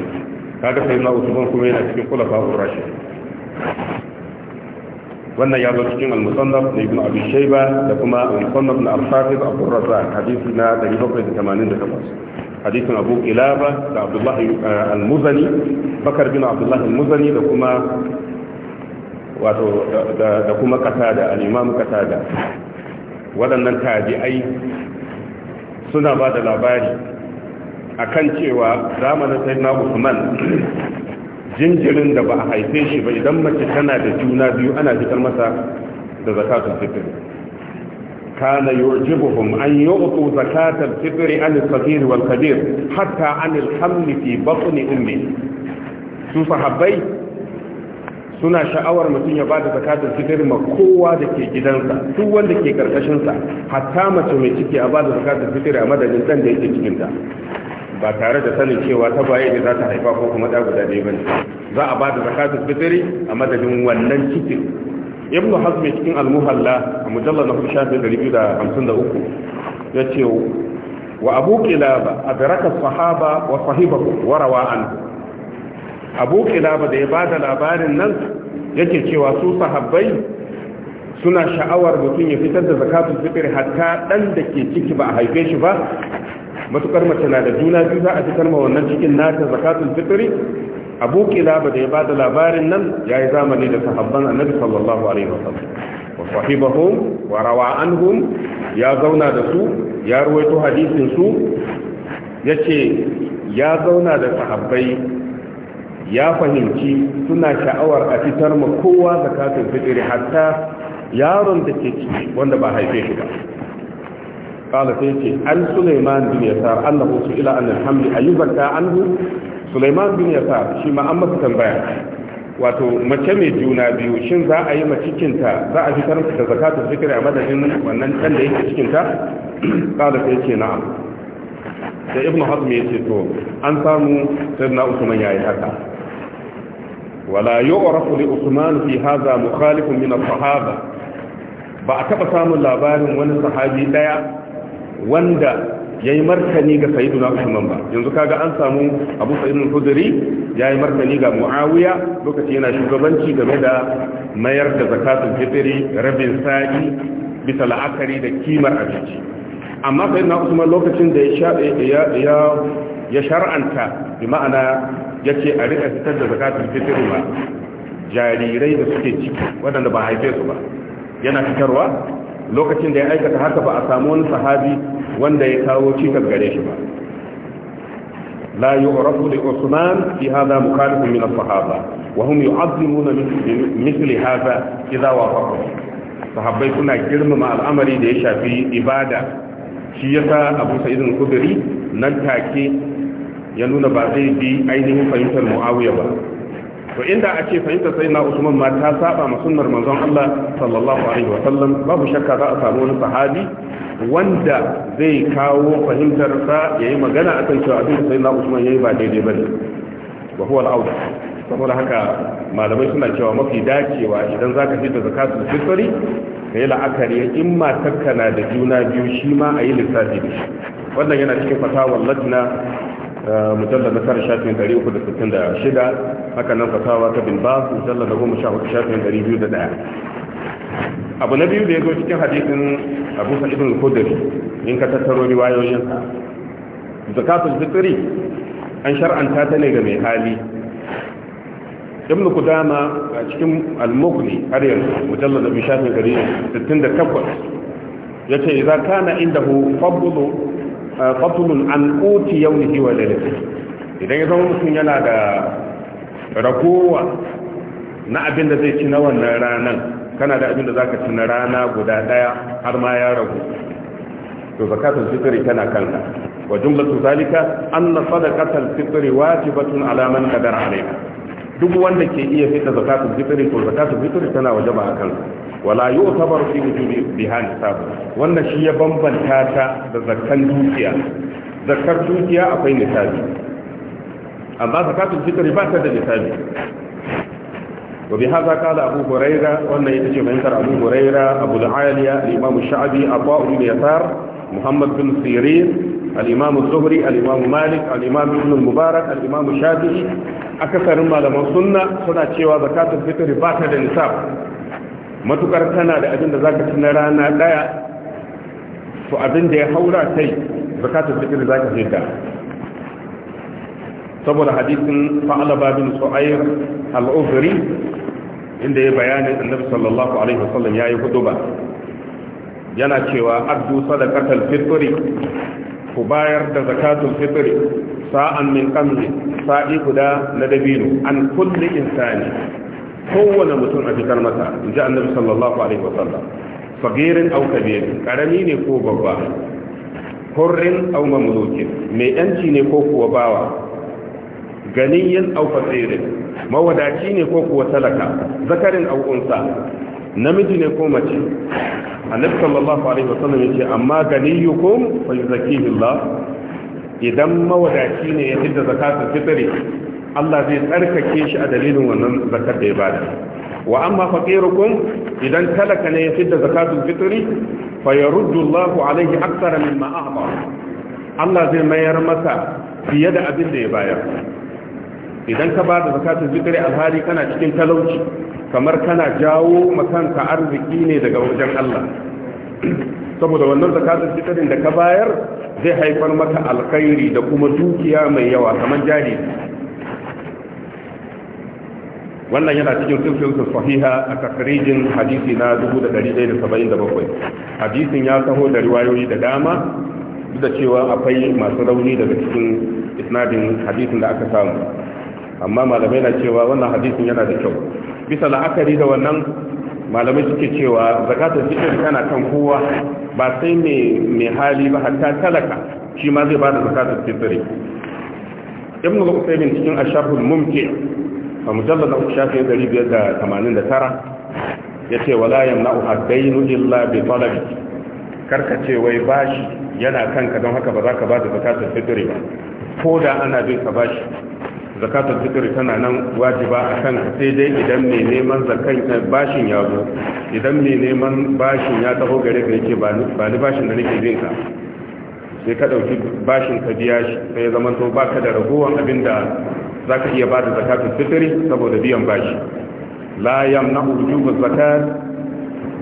kaga sayyidina usman kuma yana cikin khulafa ar wannan ya zo cikin al-musannaf na ibn abi shayba da kuma al-musannaf na al-hafiz abdurrazzaq hadisi na 788 hadisin abu ilaba da abdullahi eh, al-muzani bakar bin abdullahi al-muzani da kuma wato da waɗannan tabi'ai suna ba da labari akan cewa zamanin sayyidina usman jinjirin da ba a haife shi ba idan mace tana da juna biyu ana fitar masa da zakatun fitr kana yu'jibuhum an yu'tu zakat al-fitr an al-faqir wal hatta an al-haml fi batn ummi su sahabbai suna sha'awar mutum ya bada zakatul fitr ma kowa da ke gidansa duk wanda ke karkashin sa hatta mace mai ciki a bada zakatul fitiri a madadin dan da yake cikin ta ba tare da sanin cewa ta baye da za ta haifa ko kuma da guda ɗaya bane za a bada zakatul fitiri a madadin wannan cikin ibn hazm cikin al-muhalla a mujallar na hudu shafi ɗari biyu da hamsin da uku ya ce wa abu kilaba sahaba wa wa rawa an abu kilaba da ya ba da labarin nan yake cewa su sahabbai suna sha'awar mutum ya fitar da zakatun fitr hatta dan da ke ciki ba a haife shi ba matukar mace na da juna biyu za a fitar ma wannan cikin nata zakatun fitr abu kilaba da ya ba da labarin nan ya yi zamani da sahabban annabi sallallahu alaihi wasallam sahibahum wa rawa anhum ya zauna da su ya ruwaito hadisin su yace ya zauna da sahabbai ya fahimci suna sha'awar a fitar ma kowa zakatun fitiri hatta yaron da ke ciki wanda ba haife shi ba قال سيدي عن سليمان بن يسار أنه سئل عن الحمد أيبكى عنه Sulaiman bin Yasa shi ma an masa tambaya wato mace mai juna biyu shin za a yi macikinta za a fitar da zakatun fikir a madadin wannan ɗan da yake cikinta ƙada ta yake na'am da ibn hazm ya ce to an samu sirna usman yayi haka wala yu'rafu li usman fi hadha mukhalifun min sahaba ba a taɓa samun labarin wani sahabi ɗaya wanda yayi martani ga sayyiduna Usman ba yanzu kaga an samu Abu Sa'id al-Khudri yayi martani ga Muawiya lokaci yana shugabanci game da mayar da zakatun fitri rabin sa'i bisa la'akari da kimar abinci amma na Usman lokacin da ya ya ya shar'anta bi ma'ana yace a rika fitar da zakatun fitri ba jarirai da suke ciki waɗanda ba haife su ba yana fitarwa lokacin da ya aikata haka ba a samu wani sahabi wanda ya kawo cikas gare shi ba لا يعرف لعثمان في هذا مخالف من الصحابة وهم يعظمون مثل هذا إذا وافقوا sahabbai suna girmama al'amari da ya shafi ibada shi yasa abu irin kudiri nan take ya nuna ba zai bi ainihin fahimtar muawiya ba to inda a ce fahimtar sai na usman ma ta saba ma sunnar manzon Allah sallallahu alaihi wa sallam babu shakka za a samu wani sahabi wanda zai kawo fahimtar sa yayi magana akan cewa abin sai na usman yayi ba daidai bane wa huwa al-awda saboda haka malamai suna cewa mafi dacewa idan zaka da zakatul fitri kai la'akari in matarka na da juna biyu shi ma a yi lissafi da shi wannan yana cikin fatawar lajna mujallar na kare shafin 366 haka nan fatawa ta bin babu mujallar na goma sha hudu shafin 201 abu na biyu da ya zo cikin hadisin abu sa'idun kudari in ka tattaro riwayoyin zakatul fitri an shar'anta ta ne ga mai hali ibn kudama a cikin al-mughni har yanzu mujallar da shafin 68 yace idza kana hu fadlu fatulun an uti yau da wa idan ya zama mutum yana da ragowa na abin da zai ci na wannan ranar kana da abin da za ci na rana guda daya har ma ya ragu to zakatul fitri tana kanka wa jumlatu zalika anna sadaqatul fitri wajibatun ala man qadara alayha duk wanda ke iya fita zakatul fitri ko zakatul fitri tana wajaba a kansa wala yu'tabaru fi wujubi biha nisab wannan shi ya bambanta ta da zakkan dukiya zakkar dukiya akwai nisabi amma zakatul fitri ba ta da nisabi وبهذا قال أبو هريرة وأن يتجي منكر أبو هريرة أبو العالية الإمام الشعبي عطاء بن يسار محمد بن سيرين الإمام الزهري الإمام مالك الإمام ابن المبارك الإمام الشافعي akasarin malaman sunna suna cewa zakatul fitiri ba ta da nisab matukar tana da abin da zaka ci na rana daya to abin da ya haura kai zakatul fitr zaka fita saboda hadisin fa'alaba bin su'ayr al-uzri inda ya bayanin annabi sallallahu alaihi wasallam yayi huduba yana cewa addu sadaqatul fitiri. ku bayar da zakatun fitri sa'an min kamri sa'i guda na dabino an kulli insani kowane mutum a fitar mata, in ji annabi sallallahu alaihi wasallam fagirin au kabirin karami ne ko babba hurrin au mamlukin mai yanci ne ko kuwa bawa ganiyin au fasirin mawadaci ne ko kuwa talaka zakarin au unsa namiji ne ko mace annabi sallallahu alaihi wasallam yace amma ganiyukum fa yuzakihi Allah idan mawadaci ne ya fidda zakatul fitri Allah zai tsarkake shi a dalilin wannan zakar da ya bada wa amma faqirukum idan talaka ne ya fidda zakatul fitri fa yaruddu Allahu alaihi akthar mimma a'ta Allah zai mayar masa fiye da abin da ya bayar idan ka bada zakatul fitri alhali kana cikin talauci kamar kana jawo makanka arziki ne daga wajen Allah saboda wannan zakatun fitarin da ka bayar zai haifar maka alkhairi da kuma dukiya mai yawa kamar jari wannan yana cikin silsilsu sahiha a takarijin hadisi na 1177 hadisin ya taho da riwayoyi da dama duk da cewa akwai masu rauni daga cikin isnadin hadisin da aka samu amma malamai na cewa wannan hadisin yana da kyau bisa la'akari da wannan malamai suke cewa zakatar fitr tana kan kowa ba sai mai hali ba hatta talaka shi ma zai bada zakatul fitr ibn al-usaymin cikin asharhul mumkin a mujallar al-shafi ya ce, wala yamna'u haddainu illa bi talabi karkace wai bashi yana kanka don haka ba za ka bada zakatul fitr ba ko da ana bin ka bashi zakatul fitr tana nan wajiba a kanka sai dai idan mai neman zakan eh, bashin ya zo idan mai neman bashin ya taho gare ka yake ba ni bashin da nake bin ka sai ka dauki bashin ka biya shi sai ya zama to baka da ragowar abin da zaka iya bada zakatul fitr saboda biyan bashi la yamna'u wujuba zakat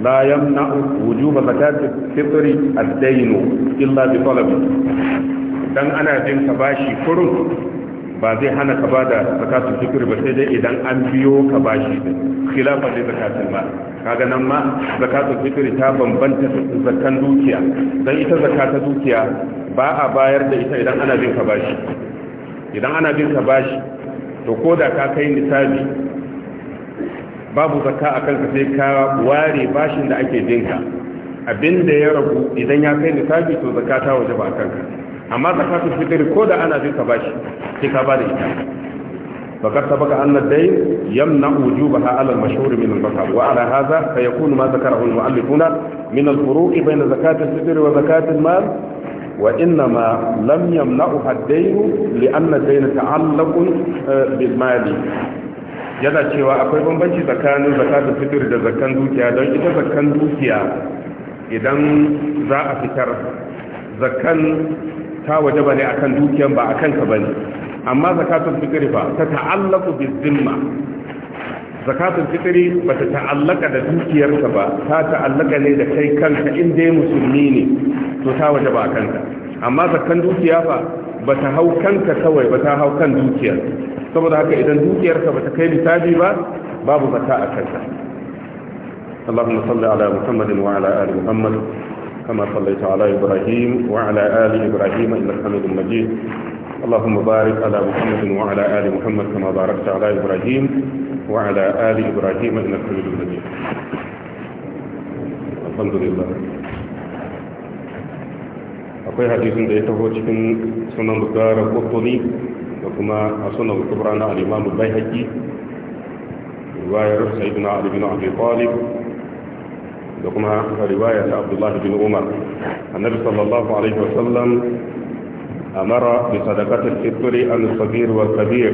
لا يمنع وجوب زكاة الفطر الدين إلا بطلب dan ana bin ka bashi kurun ba zai hana ka ba da zakatul fitr ba sai dai idan an biyo ka bashi din khilafa da zakatul mal kaga nan ma zakatul fitr ta bambanta zakatun dukiya dan ita zakata dukiya ba a bayar da ita idan ana bin ka bashi idan ana bin ka bashi to koda ka kai misali babu zakka akan ka sai ka ware bashin da ake binka abinda ya rabu idan ya kai misali to zakata waje ba akan ka amma zakatul fitr ko da ana zai ka bashi sai ka bada ita فقد سبق أن الدين يمنع وجوبها على المشهور من البقر وعلى هذا فيكون ما ذكره المؤلفون من الفروق بين زكاة الفطر وزكاة المال وإنما لم يمنعها الدين لأن الدين تعلق بالمال yana cewa akwai bambanci tsakanin zakatun da zakan dukiya don ita zakan dukiya idan za a fitar zakan ta waje ba bane akan dukiyar ba a akan ka bane amma zakatun fitri ba ta ta'allaqu bizimma zakatun fitri ba ta ta'allaka da dukiyarka ba ta ta'allaka ne da kai kanka in dai musulmi ne to ta waje ba akan ka amma zakan dukiya fa ba ta hau kanka kawai ba ta hau kan dukiyar saboda haka idan dukiyarka ba ta kai misali ba babu zaka a kanka اللهم صل على محمد وعلى آل محمد كما صليت على إبراهيم وعلى آل إبراهيم إنك حميد مجيد اللهم بارك على محمد وعلى آل محمد كما باركت على إبراهيم وعلى آل إبراهيم إنك حميد مجيد الحمد لله akwai hadisin da ya taho cikin sunan bukara kurtuni da kuma a sunan kubra na alimamu bai haƙi riwayar sa'iduna ali bin abi talib da kuma riwaya ta abdullahi bin umar annabi sallallahu alaihi wasallam amara bi sadaqatil fitri an sabir wal kabir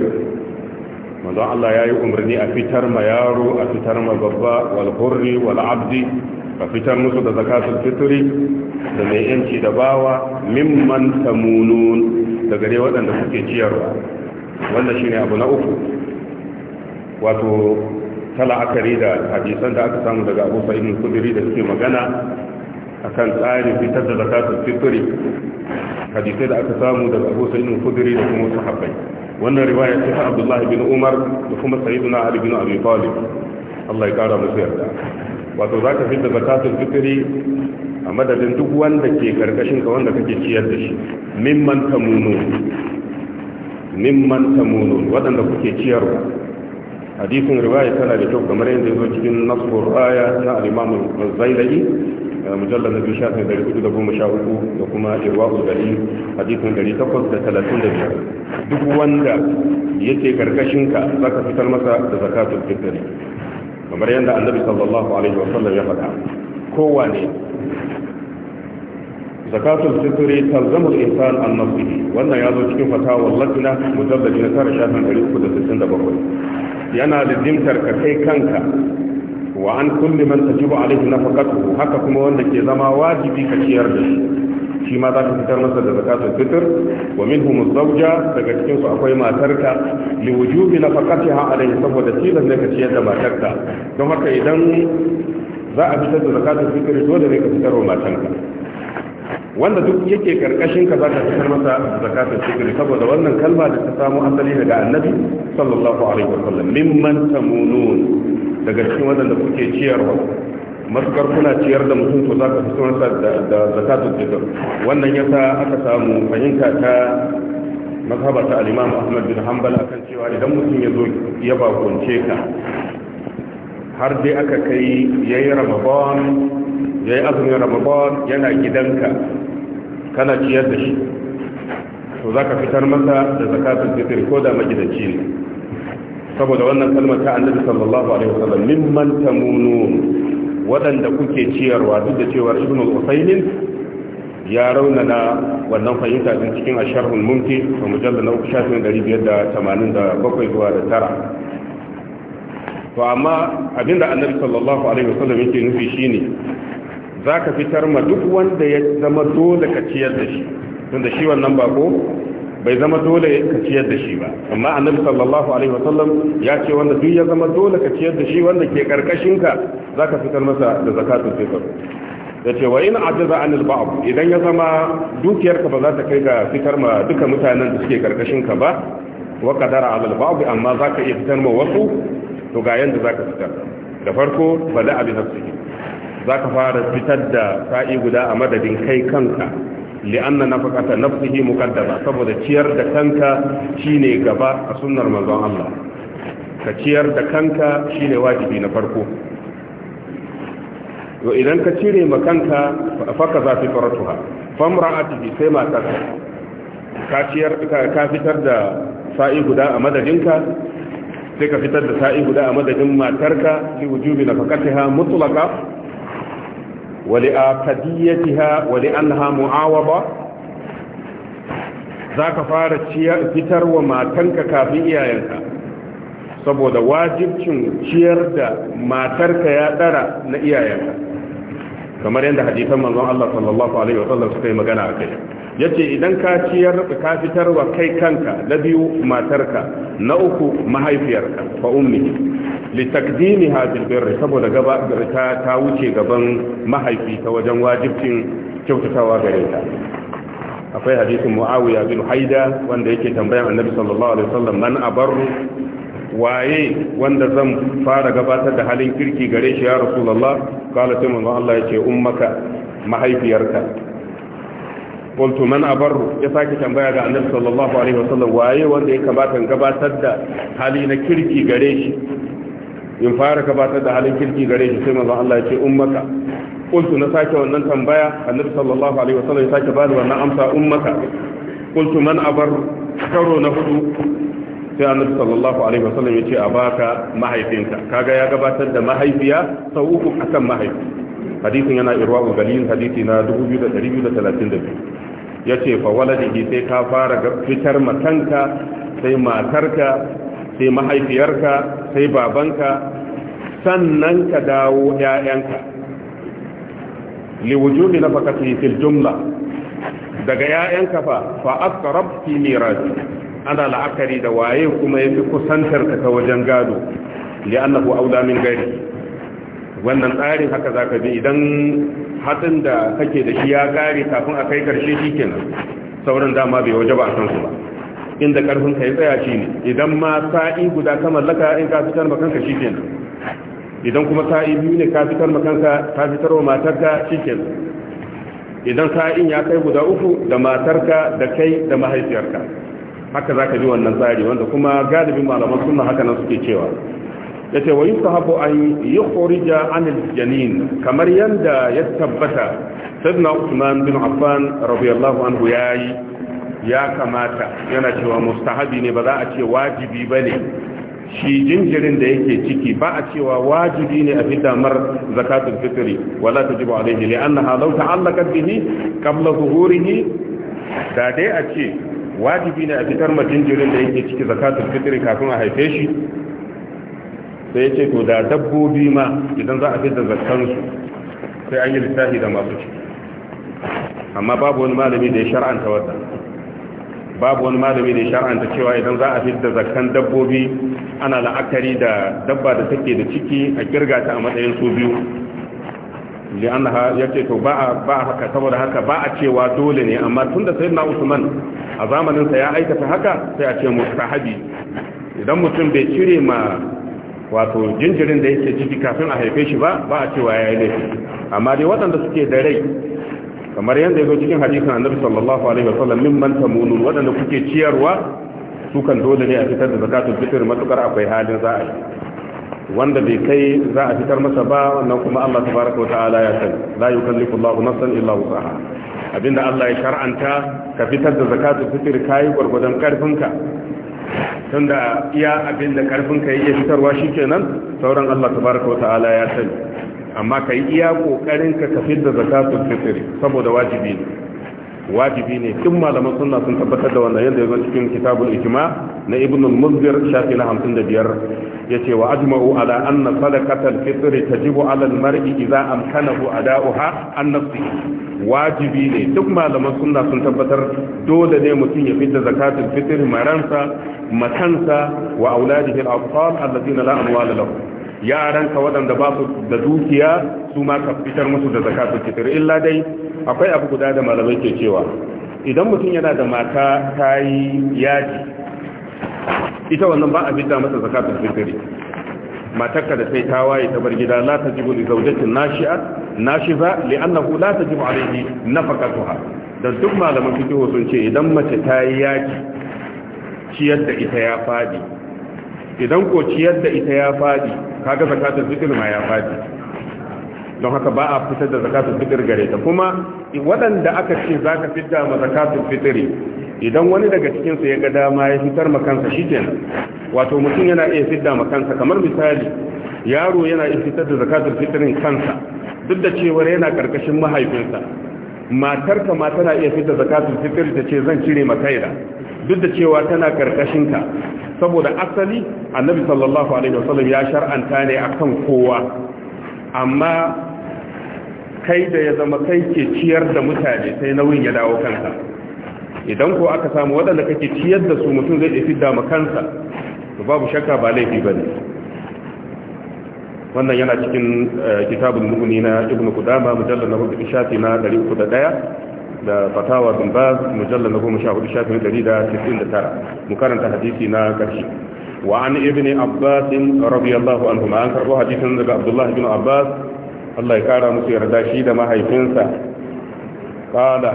manzon Allah yayi umarni a fitar ma yaro a fitar ma babba wal hurri wal abdi a fitar musu da zakatul fitri da mai yanci da bawa mimman tamunun daga dai waɗanda suke ciyarwa wanda shine abu na uku wato ta la'akari da hadisan da aka samu daga abu sa'id al da suke magana a kan tsarin fitar da zakatul fitri hadisai da aka samu daga abu sa'id al da kuma sahabbai wannan riwaya ce ta Abdullahi bin Umar da kuma sayyiduna Ali bin Abi Talib Allah ya kara musu yarda wato za ka fitar da zakatul fitri a madadin duk wanda ke karkashin ka wanda kake ciyar da shi mimman tamunu mimman tamunu waɗanda kuke ciyarwa hadisin riwaya tana da kyau kamar yadda zo cikin nasrul aya na al-imam zailai eh, mujallal nabi shafin dari hudu da goma sha uku da kuma irwa'u dari hadisin dari takwas da talatin da biyar duk wanda yake karkashin ka zaka fitar masa da zakatul fitr kamar yadda annabi sallallahu alaihi wa sallam ya faɗa kowane zakatul fitri talzamu al-insan an nafsihi wannan ya zo cikin fatawa lajna mujallad na tara shafin 367 yana da jimtar ka kai kanka wa an kulli man tajibu alayhi nafaqatuhu haka kuma wanda ke zama wajibi ka ciyar da shi shi ma za ka fitar masa da zakatul fitr wa minhum az-zawja daga cikin su akwai matarka li wujubi nafaqatiha alayhi saboda tilan da ka ciyar da matarka don haka idan za a fitar da zakatul fitr dole ne ka fitar wa matarka wanda duk yake karkashin ka zaka fitar masa zakatul fitr saboda wannan kalma da ta samu asali daga annabi sallallahu alaihi wasallam mimman tamunun daga cikin wanda kuke ciyarwa matukar kuna ciyar da mutum to zaka fitar masa da zakatul fitr wannan yasa aka samu fahimta ta mazhabar ta al-Imam Ahmad bin Hanbal akan cewa idan mutum ya zo ya ba kunce ka har dai aka kai yayi Ramadan yayin azumin Ramadan yana gidanka kana ciyar da shi to za ka fitar masa da zakatun fitr ko da magidanci ne saboda wannan kalmar ta annabi sallallahu alaihi wasallam mimman tamunun waɗanda kuke ciyarwa duk da cewar ibnu usaymin ya raunana wannan fahimta din cikin asharhul mumti wa mujallal na shafin 587 zuwa da tara to amma abinda annabi sallallahu alaihi wasallam yake nufi shine za ka fitar ma duk wanda ya zama dole ka ciyar da shi tunda shi wannan bako bai zama dole ka ciyar da shi ba amma annabi sallallahu alaihi wasallam ya ce wanda duk ya zama dole ka ciyar da shi wanda ke karkashin ka ka fitar masa da zakatun fitr da ce wa in ajaza anil ba'd idan ya zama dukiyar ka ba za ta kai ga fitar ma duka mutanen da suke karkashin ka ba wa qadara al ba'd amma za ka iya fitar ma wasu to ga yanda ka fitar da farko bada abi nafsihi za ka fara fitar da sa'i guda a madadin kai kanka li'anna nafaqata nafsihi muqaddama saboda ciyar da kanka shine gaba a sunnar manzon Allah ka ciyar da kanka shine wajibi na farko to idan ka cire ma kanka faka za fi faratuha famra'atihi sai matar ka ciyar ka fitar da sa'i guda a madadinka sai ka fitar da sa'i guda a madadin matarka li wujubi nafaqatiha mutlaqa ولآكديتها ولأنها معاوضة ذاك فارت فتر وما تنكك في إيايانك saboda wajibcin ciyar da matarka ya dara na iyayenka kamar yadda hadisan manzon Allah sallallahu alaihi wa sallam suka yi magana a kai yace idan ka ciyar ka fitar wa kai kanka na biyu matarka na uku mahaifiyarka fa ummi li taqdimiha bil birr saboda gaba ta, ta wuce gaban mahaifi ta wajen wajibcin kyautatawa gare ta akwai hadisin muawiya bin haida wanda yake tambayan annabi sallallahu alaihi sallam man abarru waye wanda zan fara gabatar da halin kirki gare shi ya rasulullah qala ta manzo Allah yace ummaka mahaifiyarka qultu man abarru ya sake tambaya ga annabi sallallahu alaihi wasallam waye wanda ya kamata in gabatar da hali na kirki gare shi in fara gabatar da halin kirki gare shi sai manzo Allah yace ummaka qultu na sake wannan tambaya annabi sallallahu alaihi wasallam ya sake bada wannan amsa ummaka qultu man abarru karo na hudu sai annabi sallallahu alaihi wasallam ya ce a baka mahaifinka kaga ya gabatar da mahaifiya sau uku akan mahaifi hadisin yana irwaul galil hadisi na 2232 yace fa waladihi sai ka fara fitar matanka sai matarka sai mahaifiyarka sai babanka sannan ka dawo ƴaƴanka liwujudi nafaqati fil jumla daga ƴaƴanka fa fa aqrab fi mirasi ana la'akari da waye kuma ya fi kusantar ka ta wajen gado ya annahu aula min gari wannan tsarin haka za ka bi idan hatsin da kake da shi ya kare kafin a kai karshe shi kenan sauran dama bai waje ba a san su ba inda karfin ka ya tsaya shi ne idan ma sa'i guda ka mallaka in ka fitar kanka shi kenan idan kuma sa'i biyu ne ka fitar kanka ka fitar wa matarka shi kenan idan sa'in ya kai guda uku da matarka da kai da mahaifiyarka haka zaka ji wannan tsari wanda kuma galibin malaman sunna haka nan suke cewa yace wa yusahabu an yukhrija an aljanin kamar yadda ya tabbata sayyidina usman bin Affan radiyallahu anhu yayi ya kamata yana cewa mustahabi ne ba za a ce wajibi bane shi jinjirin da yake ciki ba a cewa wajibi ne a fita mar zakatul fitri wala tajibu alayhi li annaha law ta'allaqat bihi qabla zuhurihi da dai a ce wajibi ne a fitar ma jinjirin da yake ciki zakatul fitri kafin a haife shi sai yace to da dabbobi ma idan za a fitar zakkan su sai an yi lissafi da masu ciki amma babu wani malami da ya shar'anta wannan babu wani malami da ya shar'anta cewa idan za a fitar zakkan dabbobi ana la'akari da dabba da take da ciki a kirga ta a matsayin su biyu li'annaha yace to ba ba haka saboda haka ba a cewa dole ne amma tunda sayyidina Usman a zamanin sa ya aikata haka sai a ce idan mutum bai cire ma wato jinjirin da yake ciki kafin a haife shi ba ba a cewa yayi laifi amma dai wadanda suke da rai kamar yadda ya zo cikin hadisin annabi sallallahu alaihi wasallam mimman tamunun waɗanda kuke ciyarwa su kan dole ne a fitar da zakatul fitr matukar akwai halin za a yi wanda bai kai za a fitar masa ba wannan kuma Allah tabaraka wata'ala ya sani la yukallifu Allah nafsan illa wusaha abinda Allah ya shar'anta ka fitar da zakatul fitr kai gurgudan karfinka tunda iya abinda karfinka yake fitarwa shikenan sauran Allah tabaraka wata'ala ya sani amma kai iya kokarin ka ka fitar da zakatul fitr saboda wajibi ne wajibi ne duk malaman sunna sun tabbatar da wannan yadda yazo cikin kitabul ijma na ibn al-munzir shafi na 55 yace wa ajma'u ala anna sadaqata al-fitr tajibu ala al-mar'i idza amkanahu ada'uha an nafsihi wajibi ne duk malaman sunna sun tabbatar dole ne mutum ya da zakatul fitr maransa makansa wa auladihi al-abtal alladhina la amwala lahum yaranka waɗanda ba su da dukiya su ma ka fitar musu da zakatul fitr illa dai akwai abu guda da malamai ke cewa idan mutum yana da mata ta yi yaji ita wannan ba a bidda masa zakatul fitr matarka da sai ta waye ta bar gida la jibu li zaujatin nashi'a nashiza li'annahu la jibu alayhi nafaqatuha da duk malamin fiqh sun ce idan mace ta yi yaji ciyar da ita ya fadi idan ko ciyar da ita ya fadi kaga zakatul fitr ma ya fadi don haka ba a fitar da zakatul fitr gare ta kuma waɗanda aka ce zaka fitta ma zakatul fitr idan wani daga cikin ya ga dama ya fitar ma kansa shikenan wato mutum yana iya fitta ma kansa kamar misali yaro yana iya fitar da zakatul fitrin kansa duk da cewa yana karkashin mahaifinsa matarka ma tana iya fitar zakatul fitr ta ce zan cire maka duk da cewa tana karkashin ka saboda asali annabi sallallahu alaihi wasallam ya shar'anta ne akan kowa amma kai da ya zama kai ke ciyar da mutane sai nauyin ya dawo kansa. idan ko aka samu waɗanda kake ciyar da su mutum zai iya dama kansa to babu shakka ba laifi bane wannan yana cikin eh, kitabul mu'mini na ibnu kudama mujallal na shafi na da fatawa bin baz mujallal na goma sha hudu shafin ɗari da tisin da tara mu karanta hadisi na karshe. wa an ibn abbas radiyallahu anhu ma an karɓo hadisin daga abdullah bin abbas Allah ya kara musu yarda shi da mahaifinsa qala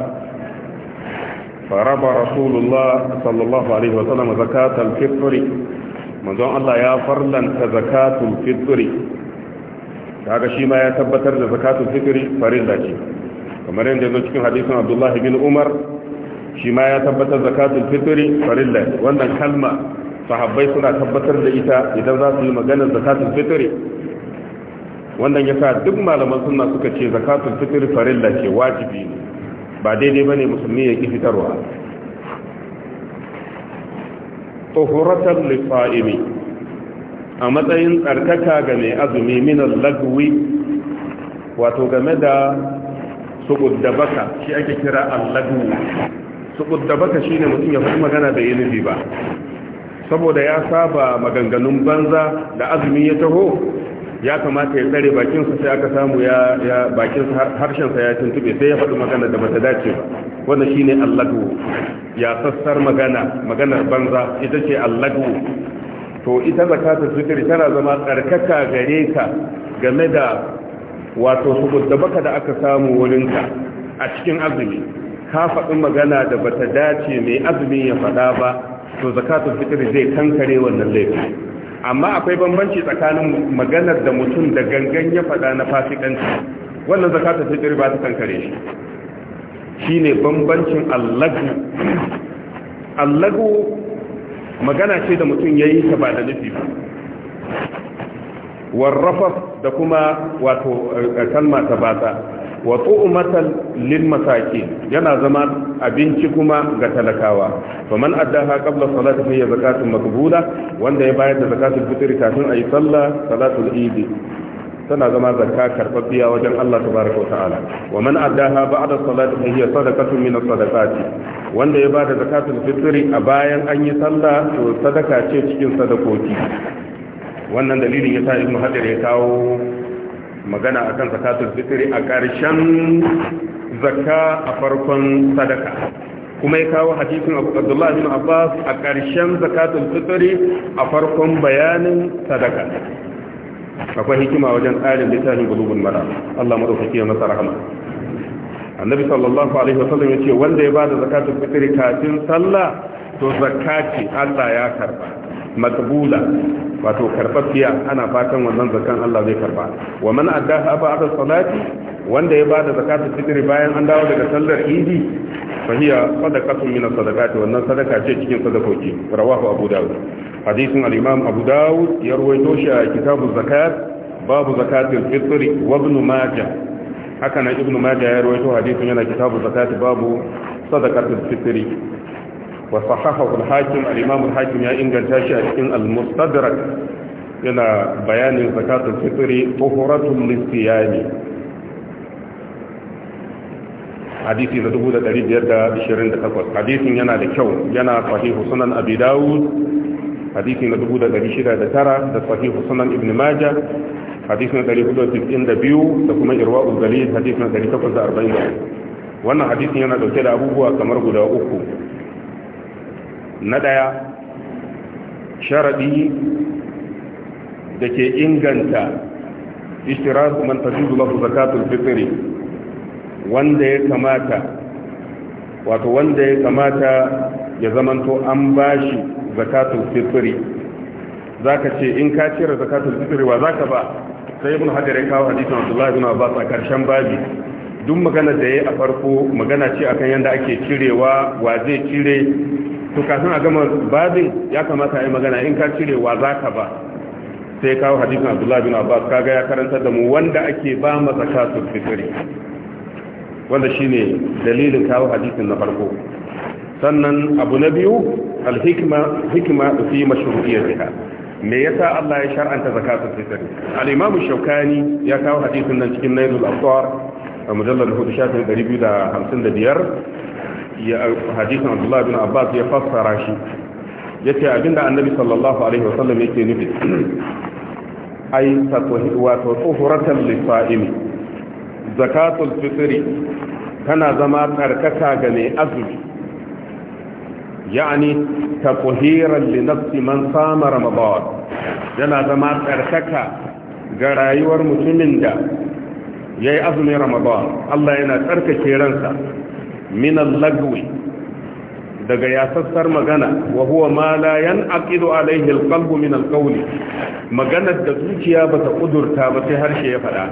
faraba رسول sallallahu alaihi wa sallam, وسلم زكاة الفطر Allah ya farlanta فرلا زكاة kaga shi ma ya tabbatar da zakatul fitri farilla ce kamar yadda zo cikin hadisin abdullahi bin umar shi ma ya tabbatar zakatul fitri farilla wannan kalma sahabbai suna tabbatar da ita idan za su yi maganar zakatul fitri wannan ya sa duk malaman suna suka ce zakatul fitri farilla ce wajibi ne ba daidai bane musulmi ya ki fitarwa tuhuratan lifa'imi a matsayin tsarkaka ga mai azumi minan lagwi wato game da suƙud da shi ake kira alladu suƙud da baka shi mutum ya faɗi magana da yi ba saboda ya saba maganganun banza da azumi ya taho ya kamata ya tsare bakinsa sai aka samu ya bakinsa harshensa ya tuntube sai ya faɗi magana da bata dace ba wanda shine alladu ya sassar magana maganar banza ita ce alladu to ita zakatul fitr tana zama tsarkaka gare ka game da wato saboda baka da aka samu wurinka a cikin azumi ka faɗi magana da bata dace mai azumi ya faɗa ba to zakatul fitr zai kankare wannan laifi amma akwai bambanci tsakanin maganar da mutum da gangan ya faɗa na fasikanci wannan zakatul fitr ba ta kankare shi shine bambancin allahu allahu magana ce da mutum yayi ta ba da nufi ba warrafas da kuma wato kalma ta bata wa tu'matal lil masakin yana zama abinci kuma ga talakawa fa man addaha qabla salati fi zakatun maqbula wanda ya bayar da zakatul fitr kafin ayi sallah salatul eid tana zama zakka karfafiya wajen Allah tabaraka wa ta'ala wa man addaha ba'da salati fa hiya sadaqatun min as-sadaqati wanda ya bada zakatul fitr a bayan an yi sallah to sadaka ce cikin sadakoki wannan dalilin ya yasa ibnu hajar ya kawo magana akan zakatul fitiri a ƙarshen zakka a farkon sadaka kuma ya kawo hadisin Abdullah bin Abbas a ƙarshen zakatul fitiri a farkon bayanin sadaka akwai hikima wajen tsarin littafin gulubul mara Allah madaukaki ya masa rahama annabi sallallahu alaihi wasallam ce wanda ya ba da zakatul fitiri kafin sallah to zakka ce Allah ya karba maqbula wato karfafiya ana fatan wannan zakan Allah zai karba wa man addaha ba'da salati wanda ya bada zakatul fitr bayan an dawo daga sallar idi fa hiya sadaqatun min sadaqati wannan sadaka ce cikin sadakoki rawahu abu dawud hadisin al-imam abu dawud ya rawaito shi a kitabuz zakat babu zakatul fitr wa ibn majah haka nan ibn majah ya rawaito hadisin yana kitabuz zakat babu sadaqatul fitr wa sahahahu al-hakim al-imam al-hakim ya inganta shi a cikin al-mustadrak yana bayanin zakatul fitri tuhuratul lisiyami hadisi na 1528 hadisin yana da kyau yana sahihu sunan abi dawud hadisi na 1609 da sahihu sunan ibn majah hadisi na 492 da kuma irwa'ul galil hadisi na 840 wannan hadisin yana dauke da abubuwa kamar guda uku na ɗaya sharaɗi da ke inganta ishtiraku man tajudu lahu zakatul fitri wanda ya kamata wato wanda ya kamata ya zamanto an bashi zakatul fitri ka ce in ka cire zakatul fitri wa za ka ba sai ibn hajar ya kawo hadisin Abdullah ibn Abbas a karshen babi duk magana da yi a farko magana ce akan yadda ake cirewa wa zai cire to kafin a gama babin ya kamata a yi magana in ka cire wa za ka ba sai kawo hadisin abdullahi bin abbas kaga ya karanta da mu wanda ake ba masa kasu fitri wanda shine dalilin kawo hadisin na farko sannan abu na biyu alhikma hikma fi mashru'iyyatiha me yasa Allah ya shar'anta zakatul fitri al-imam shaukani ya kawo hadisin nan cikin nailul abtar a mujallal 4 shafin 255 hadisin abdullahi bin abbas ya fassara shi ya ce abinda annabi sallallahu alaihi wasallam yake nufi [clears throat] ai wato tsohuratar lissa'imi zakatul fitri tana zama karkata ga mai azumi ya'ani taquhiran li nafsi man sama ramadan yana zama karkata ga rayuwar mutumin da Ya yi azumin ramadan Allah yana tsarkake ransa minan lagwi daga yasassar magana wa huwa ma la yanqidu alaihi alqalbu min alqawli maganar da zuciya ba ta kudurta ba sai harshe ya fada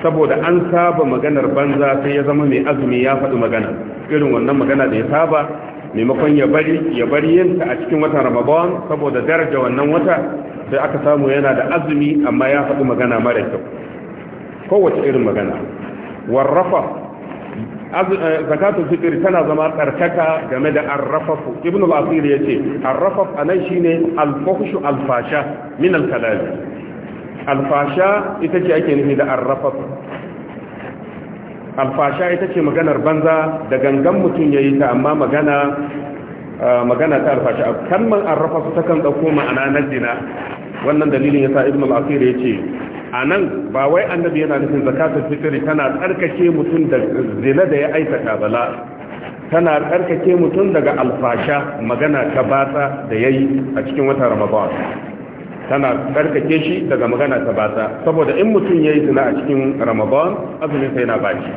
saboda an saba maganar banza sai ya zama mai azumi ya faɗi magana irin wannan magana da ya saba maimakon ya bari ya bari a cikin watan ramadan saboda daraja wannan wata sai aka samu yana da azumi amma ya faɗi magana mara kyau kowace irin magana warrafa Eh, zakatul fitr tana zama tsarkaka game da arrafaf ibnu al-asir yace arrafaf anan shine al-fuhsh al-fasha min al-kalam al-fasha ita ce ake nufi da arrafaf al-fasha ita ce maganar banza da gangan mutun yayi ta amma magana eh, magana ta al-fasha man arrafaf ta kan dauko ma'ana na dina wannan dalilin yasa ibnu al-asir yace a nan ba wai annabi yana nufin zakatul fitri tana tsarkake mutum da zina da ya aikata bala tana tsarkake mutum daga alfasha magana ta batsa da yayi a cikin wata ramadan tana tsarkake shi daga magana ta batsa saboda in mutum yayi zina a cikin ramadan azumin sa yana baci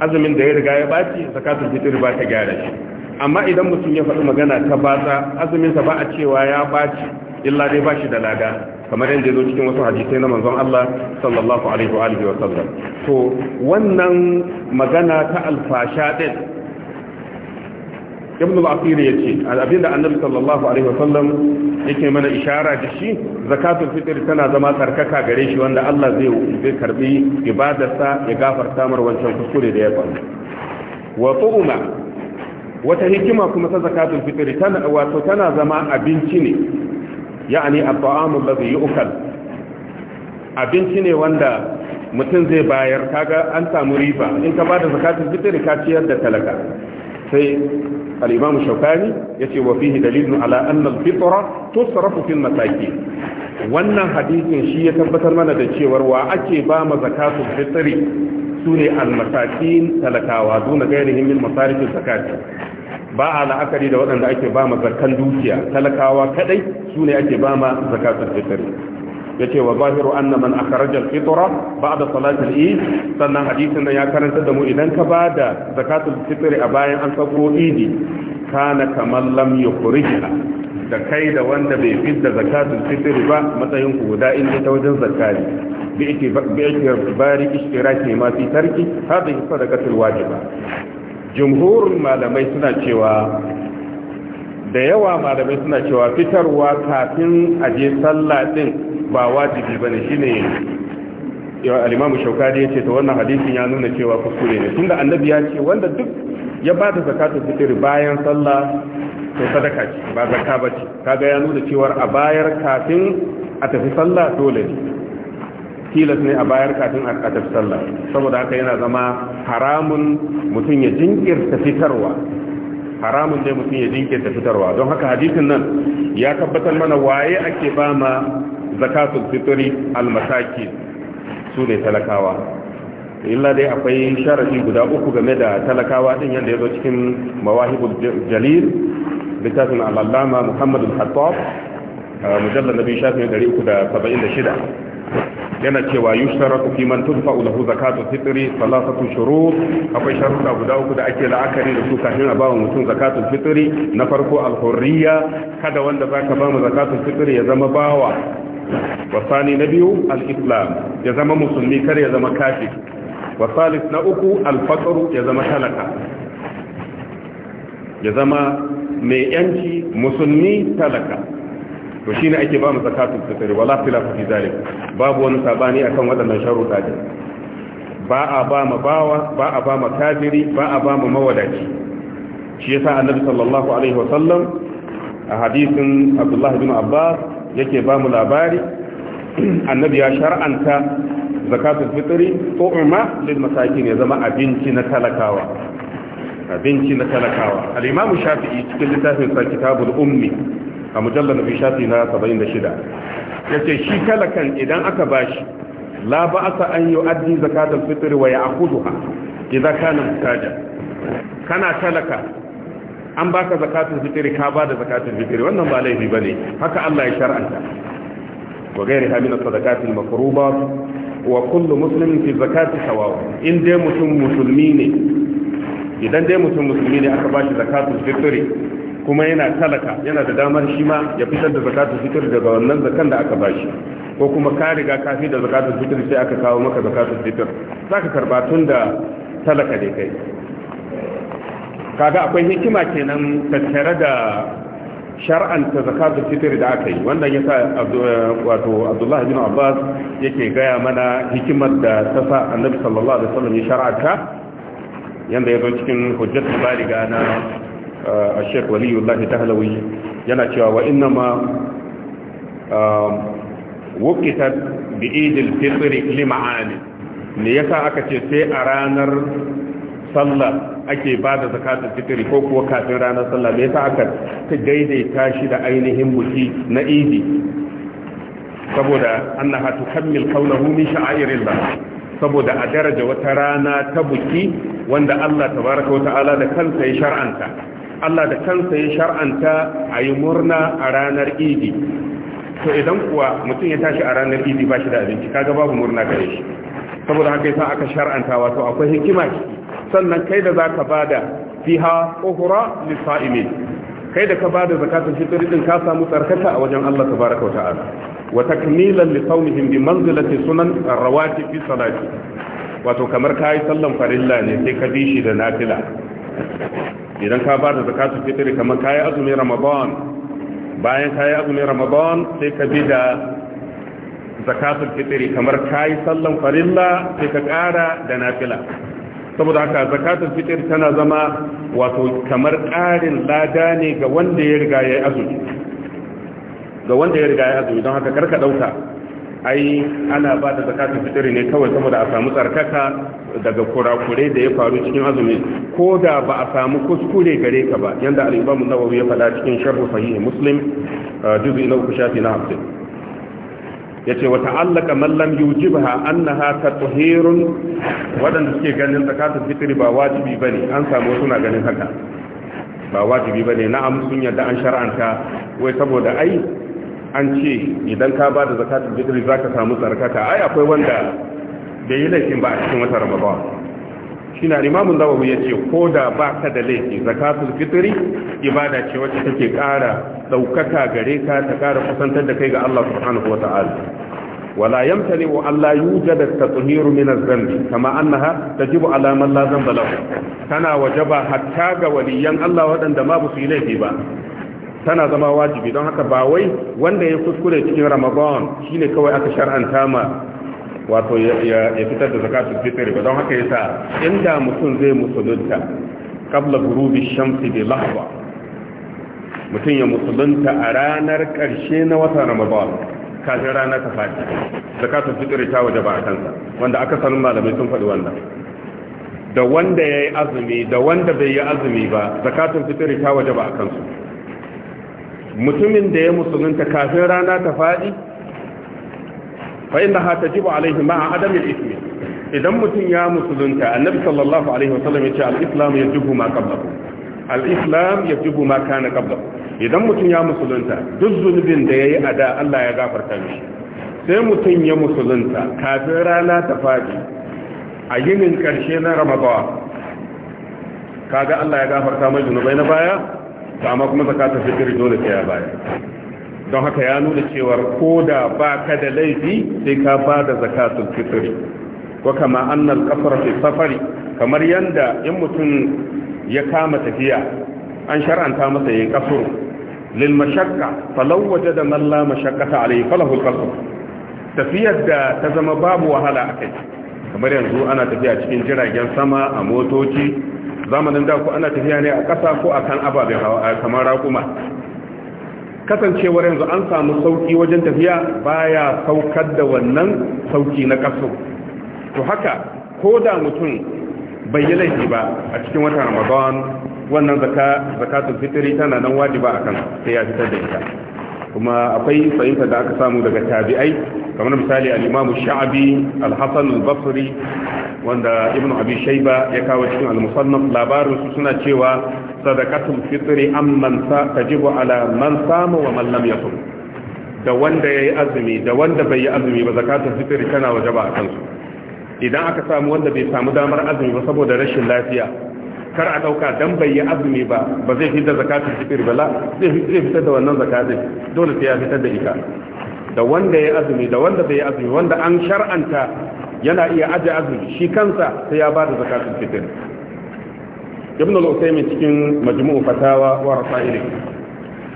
azumin da ya riga ya baci zakatul fitri ba ta gyara shi amma idan mutum ya faɗi magana ta batsa azumin sa ba a cewa ya baci illa dai ba shi da lada kamar yadda zo cikin wasu hadisai na manzon Allah sallallahu alaihi wa alihi wa sallam to wannan magana ta alfasha din ibn al-asir yace abinda annabi sallallahu alaihi wa sallam yake mana ishara da shi zakatul fitr tana zama karkaka gare shi wanda Allah zai zai karbi ibadarsa ya gafarta mar wancan kuskure da ya faru wa tu'ma wata hikima kuma ta zakatul fitr tana wato tana zama abinci ne ya'ani at-ta'amu alladhi yu'kal abinci ne wanda mutum zai bayar kaga an samu riba in ka bada zakatul fitr ka ciyar da talaka sai al-imam shaukani yace wa fihi dalilun ala anna al-fitra tusrafu fil masakin wannan hadisin shi ya tabbatar mana da cewar wa ake ba ma zakatul fitr sune al-masakin talakawa duna gairihim min masarifin zakati ba a la'akari da waɗanda ake ba ma zarkan dukiya talakawa kadai su ne ake ba ma zakatul fitr yace wa zahiru anna man akhraja al-fitra ba'da da al-eid sannan hadisin nan ya karanta da mu idan ka ba da zakatul fitr a bayan an sako idi kana kaman lam kurijina. da kai da wanda bai fidda zakatul fitr ba matsayin ku guda in ta wajen zakari bi ikibari ishtiraki ma fi tarki hadhihi sadaqatul wajiba jumhurin malamai suna cewa da yawa malamai suna cewa fitarwa kafin a je sallah din ba wajibi bane shine al-imamu shaukadi yace to wannan hadisin ya nuna cewa kuskure ne tunda annabi ya ce wanda duk ya ba da zakatul fitr bayan sallah to sadaka ce ba zakka bace kaga ya nuna cewa a bayar kafin a tafi sallah dole ne tilas ne a bayar kafin a sallah saboda haka yana zama haramun mutum ya jinkirta fitarwa haramun ne mutum ya jinkirta fitarwa don haka hadisin nan ya tabbatar mana waye ake ba ma zakatul fitri almasaki su ne talakawa illa dai akwai sharafi guda uku game da talakawa din yanda ya zo cikin mawahibul jalil littafin al'allama muhammadul hattab mujallar nabi shafin 376 yana cewa yushtaratu fi man tudfa'u lahu zakatu fitri salasatu shurut akwai sharuɗa guda uku da ake la'akari da su kafin a bawa mutum zakatu fitri na farko al-hurriya kada wanda zaka ba mu zakatu fitri ya zama bawa wasani na biyu al-islam ya zama musulmi kar ya zama kafir wasalis na uku al-faqru ya zama talaka ya zama mai yanci musulmi talaka to ne ake ba mu zakatul fitr wala khilafa fi zalik babu wani sabani akan waɗannan sharuɗa ne ba a ba ma bawa ba a ba ma kafiri ba a ba ma mawadaci shi yasa annabi sallallahu alaihi sallam a hadisin abdullahi bin abbas yake ba mu labari [clears throat] annabi ya shar'anta zakatun fitri tu'ma lil masakin ya zama abinci na talakawa abinci na talakawa al-imam shafi'i cikin littafin sa kitabul ummi a mujallar nabi shafi na 76 ce shi talakan idan aka bashi la ba'asa an yu'addi zakatul fitr wa ya'khudha idza kana muhtaja kana talaka an baka zakatul fitr ka bada zakatul fitr wannan ba laifi bane haka Allah ya shar'anta wa ghairiha min sadaqatil maqrubat wa kullu muslimin fi zakati sawawa in dai mutum musulmi ne idan dai mutum musulmi ne aka bashi zakatul fitr kuma yana talaka yana da damar shi ma ya fitar da zakatun fitr daga wannan zakan da aka bashi ko kuma ka riga ka fi da zakatun fitr sai aka kawo maka zakatun fitr zaka karba tun da talaka ne kai kaga akwai hikima kenan tattare da shar'anta zakatun fitr da aka yi wannan yasa wato Abdullah bin Abbas yake gaya mana hikimar da ta sa Annabi sallallahu alaihi wasallam ya shar'anta yanda ya zo cikin hujjatul baliga na a shek waliyullahi tahlawi yana cewa wa inna ma wukitar bi idil fitri li ma'ani ne sa aka ce sai a ranar sallah ake ba da zakatun fitri ko kuwa kafin ranar sallah ne yasa aka ta daidaita shi da ainihin buki na idi saboda annaha tukammil qawluhu min ba, saboda a daraja wata rana ta buki wanda Allah tabaraka wa ta'ala da kansa ya shar'anta Allah da kansa ya shar'anta a yi murna a ranar idi to idan kuwa mutum ya tashi a ranar idi ba shi da abinci kaga babu murna gare shi saboda haka yasa aka shar'anta wato akwai hikima sannan kai da zaka bada fiha ukhra lisa'imi kai da ka bada zakatul fitr din ka samu tsarkaka a wajen Allah tabaaraka ta'ala wa takmilan li sawmihim bi manzilati sunan ar-rawatib fi salati wato kamar kai sallan farilla ne sai ka bi shi da nafila idan ka ba da zakatun fitri kamar kayi azumi ramadan bayan kayi azumi ramadan sai ka bi da zakatun fitri kamar kayi sallan farilla sai ka kara da nafila saboda haka zakata fitri tana zama wato kamar ƙarin lada ne ga wanda ya riga ya azumi ga wanda ya riga ya azumi don haka karka dauka ai ana ba da zakatun fitiri ne kawai saboda a samu tsarkaka daga kurakure da ya faru cikin azumi ko da ba a samu kuskure gare ka ba yanda al-imam nawawi ya faɗa cikin sharh sahih muslim uh, juz'i na uku shafi na 50 yace wa ta'allaka man lam yujibha annaha tatuhirun wadanda suke ganin zakatun fitiri ba wajibi bane an samu suna ganin haka ba wajibi bane na'am sun yadda an shar'anta wai saboda ai an ce idan ka ba da zakatun fitri za ka samu tsarkaka. ai akwai wanda da yi laifin ba a cikin wata ramadan shi na limamun ya ce ko da ba ka da laifin zakatun fitiri ibada ce wacce take kara daukaka gare ka ta kara kusantar da kai ga Allah subhanahu wa ta'ala wala yamtani wa Allah yujada tatuhiru min az-zambi kama annaha tajibu ala man la zamba lahu kana wajaba hatta ga waliyan Allah wadanda ma ba su yi laifi ba tana zama wajibi don haka ba wai wanda ya kuskure cikin ramadan shine kawai aka shar'anta ma wato ya fitar da zakatul fitr ba don haka yasa inda mutum zai musulunta qabla ghurubi shamsi bi lahwa mutum ya musulunta a ranar karshe na watan ramadan kafin rana ta fadi zakatul fitr ta waje ba kansa wanda aka sanin malamai sun faɗi wannan da wanda ya yi azumi da wanda bai yi azumi ba zakatul fitr ta waje ba kansu mutumin da ya musulunta kafin rana ta faɗi fa inda ha ta jibu alaihi ma'a adamin ismi idan mutum ya musulunta annabi sallallahu alaihi wasallam ya ce al ya jibu ma qablahu al ya jibu ma kana qablahu idan mutum ya musulunta duk zunubin da ya yi a da Allah ya gafarta mishi sai mutum ya musulunta kafin rana ta faɗi a yinin ƙarshe na ramadan kaga Allah ya gafarta mai zunubai na baya to amma kuma zakatul fitr dole sai ya baya. don haka ya nuna cewa ko da ba ka da laifi sai ka ba da zakatul fitr Ko kama annal qafara fi safari kamar yanda in mutum ya kama tafiya an shar'anta masa yayin kasuru lil mashaqqa falaw wajada man la mashaqqata alayhi falahu al-qasr tafiyar da ta zama babu wahala akai kamar yanzu ana tafiya cikin jiragen sama a motoci zamanin da ku ana tafiya ne a ƙasa ko a kan ababen hawa kamar raƙuma kasancewar yanzu an samu sauki wajen tafiya baya saukar da wannan sauki na ƙasa to haka ko da mutum bai yi laifi ba a cikin watan ramadan wannan zakatun fitiri tana nan wajiba a kan sai ya fitar da ita kuma akwai fahimta da aka samu daga tabi'ai kamar misali al-imamu sha'abi alhassan hasan al-basri wanda ibn abi shaiba ya kawo cikin al-musannaf labarin suna cewa sadaqatul fitri amman sa tajibu ala man samu wa mallam lam da wanda ya yi azumi da wanda bai yi azumi ba zakatun fitri tana waje ba a kansu idan aka samu wanda bai samu damar azumi ba saboda rashin lafiya kar a ɗauka don bai yi azumi ba ba zai fitar da zakatun fitr ba la zai fitar da wannan zakatun dole sai ya fitar da ita da wanda ya azumi da wanda bai azumi wanda an shar'anta yana iya aje azumi shi kansa sai ya bada zakatul fitr ibn al-usaymin cikin majmu'u fatawa wa rasaili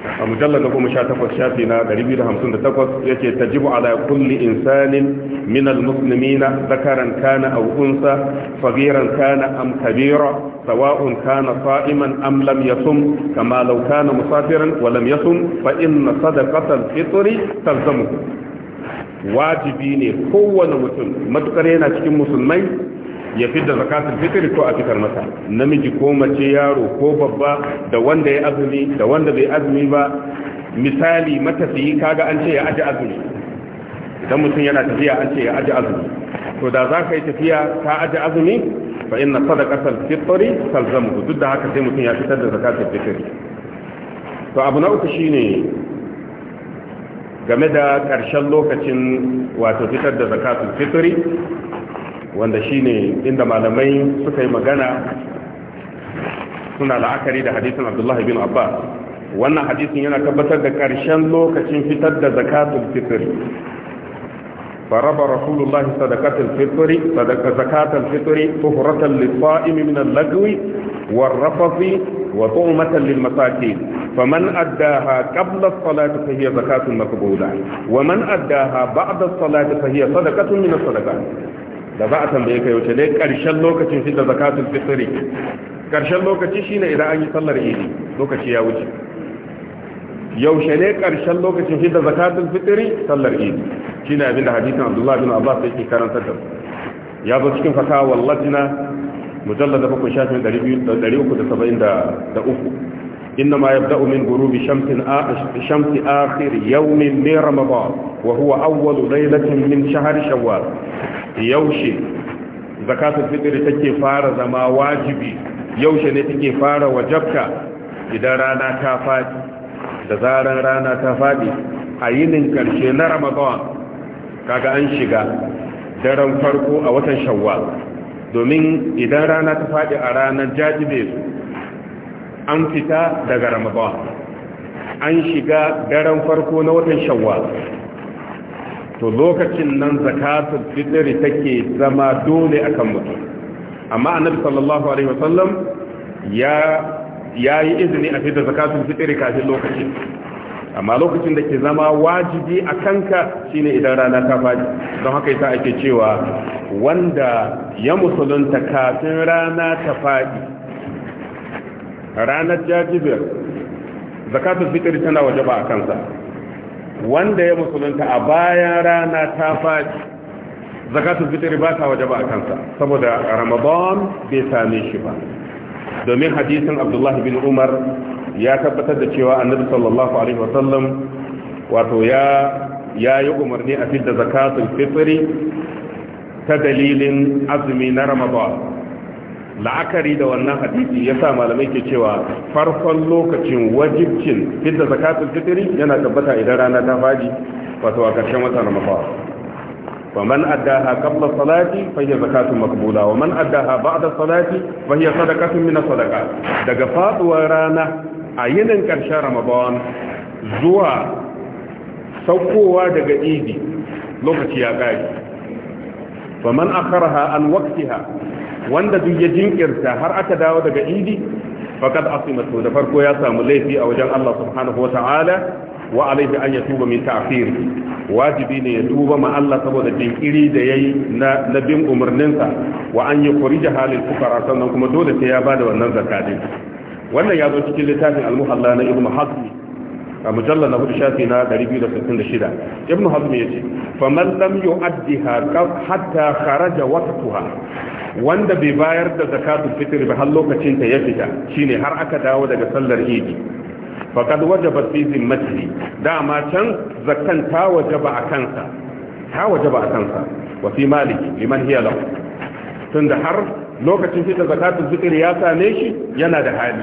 a mujallar da goma sha takwas shafi na ɗari biyu da hamsin da takwas ya ce ta jibu ala kulli insanin minal na zakaran kana au unsa fagiran kana am kabira sawa'un kana fa'iman am lam yasum kama law kana musafiran wa lam yasum fa inna sadaqatal fitri talzamu wajibi ne kowane mutum matukar yana cikin musulmai ya fidda zakatul fitr ko a fitar masa namiji ko mace yaro ko babba da wanda ya azumi da wanda bai azumi ba misali matafiyi kaga an ce ya aje azumi idan mutum yana tafiya an ce ya aje azumi to da za ka yi tafiya ka aje azumi fa inna sadaqatal fitri talzamu duk da haka sai mutum ya fitar da zakatul fitr to abu na uku shine game da ƙarshen lokacin wato fitar da zakatul fitar. wanda shine inda malamai suka yi magana suna la'akari da hadisun abdullahi bin abbas wannan hadisun yana tabbatar da karshen lokacin fitar da zakatun fitir faraba rasulullahi sadakatun fitiri sadaka zakatun fitiri tuhuratan lissa'im min al-lagwi war rafafi wa tu'matan lil masakin faman addaha qabla as-salati fa hiya zakatun maqbula wa man addaha ba'da as-salati fa hiya sadakatun min as da za a tambaye ka yaushe ne karshen lokacin shi da zakatul fitri karshen lokaci shine idan an yi sallar idi lokaci ya wuce yaushe ne karshen lokacin shi da zakatul fitri sallar idi shine abin da hadisin Abdullah bin Abbas yake karanta da ya zo cikin fatawa wallatina mujallad da bakwai shafin 373 إنما يبدأ من غروب شمس شمس آخر يوم من رمضان وهو أول ليلة من شهر شوال يوشي زكاة الفطر تكي فار زما واجبي يوشي نتكي فار وجبك إذا رانا تافاد إذا رانا تافاد أين كرشي رمضان كاغا أنشيغا daren farko a watan shawwal domin idan rana ta faɗi a ranar jajibe su an fita daga ramadan an shiga daren farko na watan Shawwa, to lokacin nan zakatul fitri take zama dole akan mutum amma annabi sallallahu alaihi wasallam ya yayi izini a fita zakatul fitri kafin lokacin amma lokacin da ke zama wajibi a kanka shine idan rana ta faɗi don haka yasa ake cewa wanda ya musulunta kafin rana ta faɗi ranar jajibir zakatul fitr tana wajaba a kansa wanda ya musulunta a bayan rana ta faɗi zakatul fitr ba ta wajaba a kansa saboda ramadan bai same shi ba domin hadisin abdullahi bin umar ya tabbatar da cewa annabi sallallahu alaihi wasallam wato ya ya yi umarni a fidda zakatul fitr ta dalilin azumi na ramadan la'akari da wannan hadisi ya sa malamai ke cewa farkon lokacin wajibcin fidda zakatul fitri yana tabbata idan rana ta faji wato a ƙarshen watan ramadan wa man addaha qabla salati fa hiya zakatun maqbula wa man addaha ba'da salati fa hiya sadaqatun min sadaqat daga faduwar rana a yinin ƙarshen ramadan zuwa saukowa daga idi lokaci ya ƙari faman akharaha an waqtiha wanda duk ya jinkirta har aka dawo daga idi fakat asimatu da farko ya samu laifi a wajen Allah subhanahu wata'ala wa alaihi an ya tuba min ta'khir wajibi ne ya tuba ma Allah saboda jinkiri da yayi na nabin umarninsa wa an yukhrija halin fuqara sannan kuma dole sai ya bada wannan zakatin wannan ya zo cikin littafin al-muhalla na ibnu hazmi a mujalla na hudu shafi na 266 ibn hazm ya ce faman lam yu'addiha hatta kharaja waqtuha wanda bai bayar da zakatul fitr ba har lokacin ta ya fita shine har aka dawo daga sallar idi faqad wajaba fi zimmatihi dama can zakkan ta wajaba a kansa ta wajaba a kansa wa fi maliki liman hiya lahu tunda har lokacin fitar zakatul fitr ya same shi yana da hali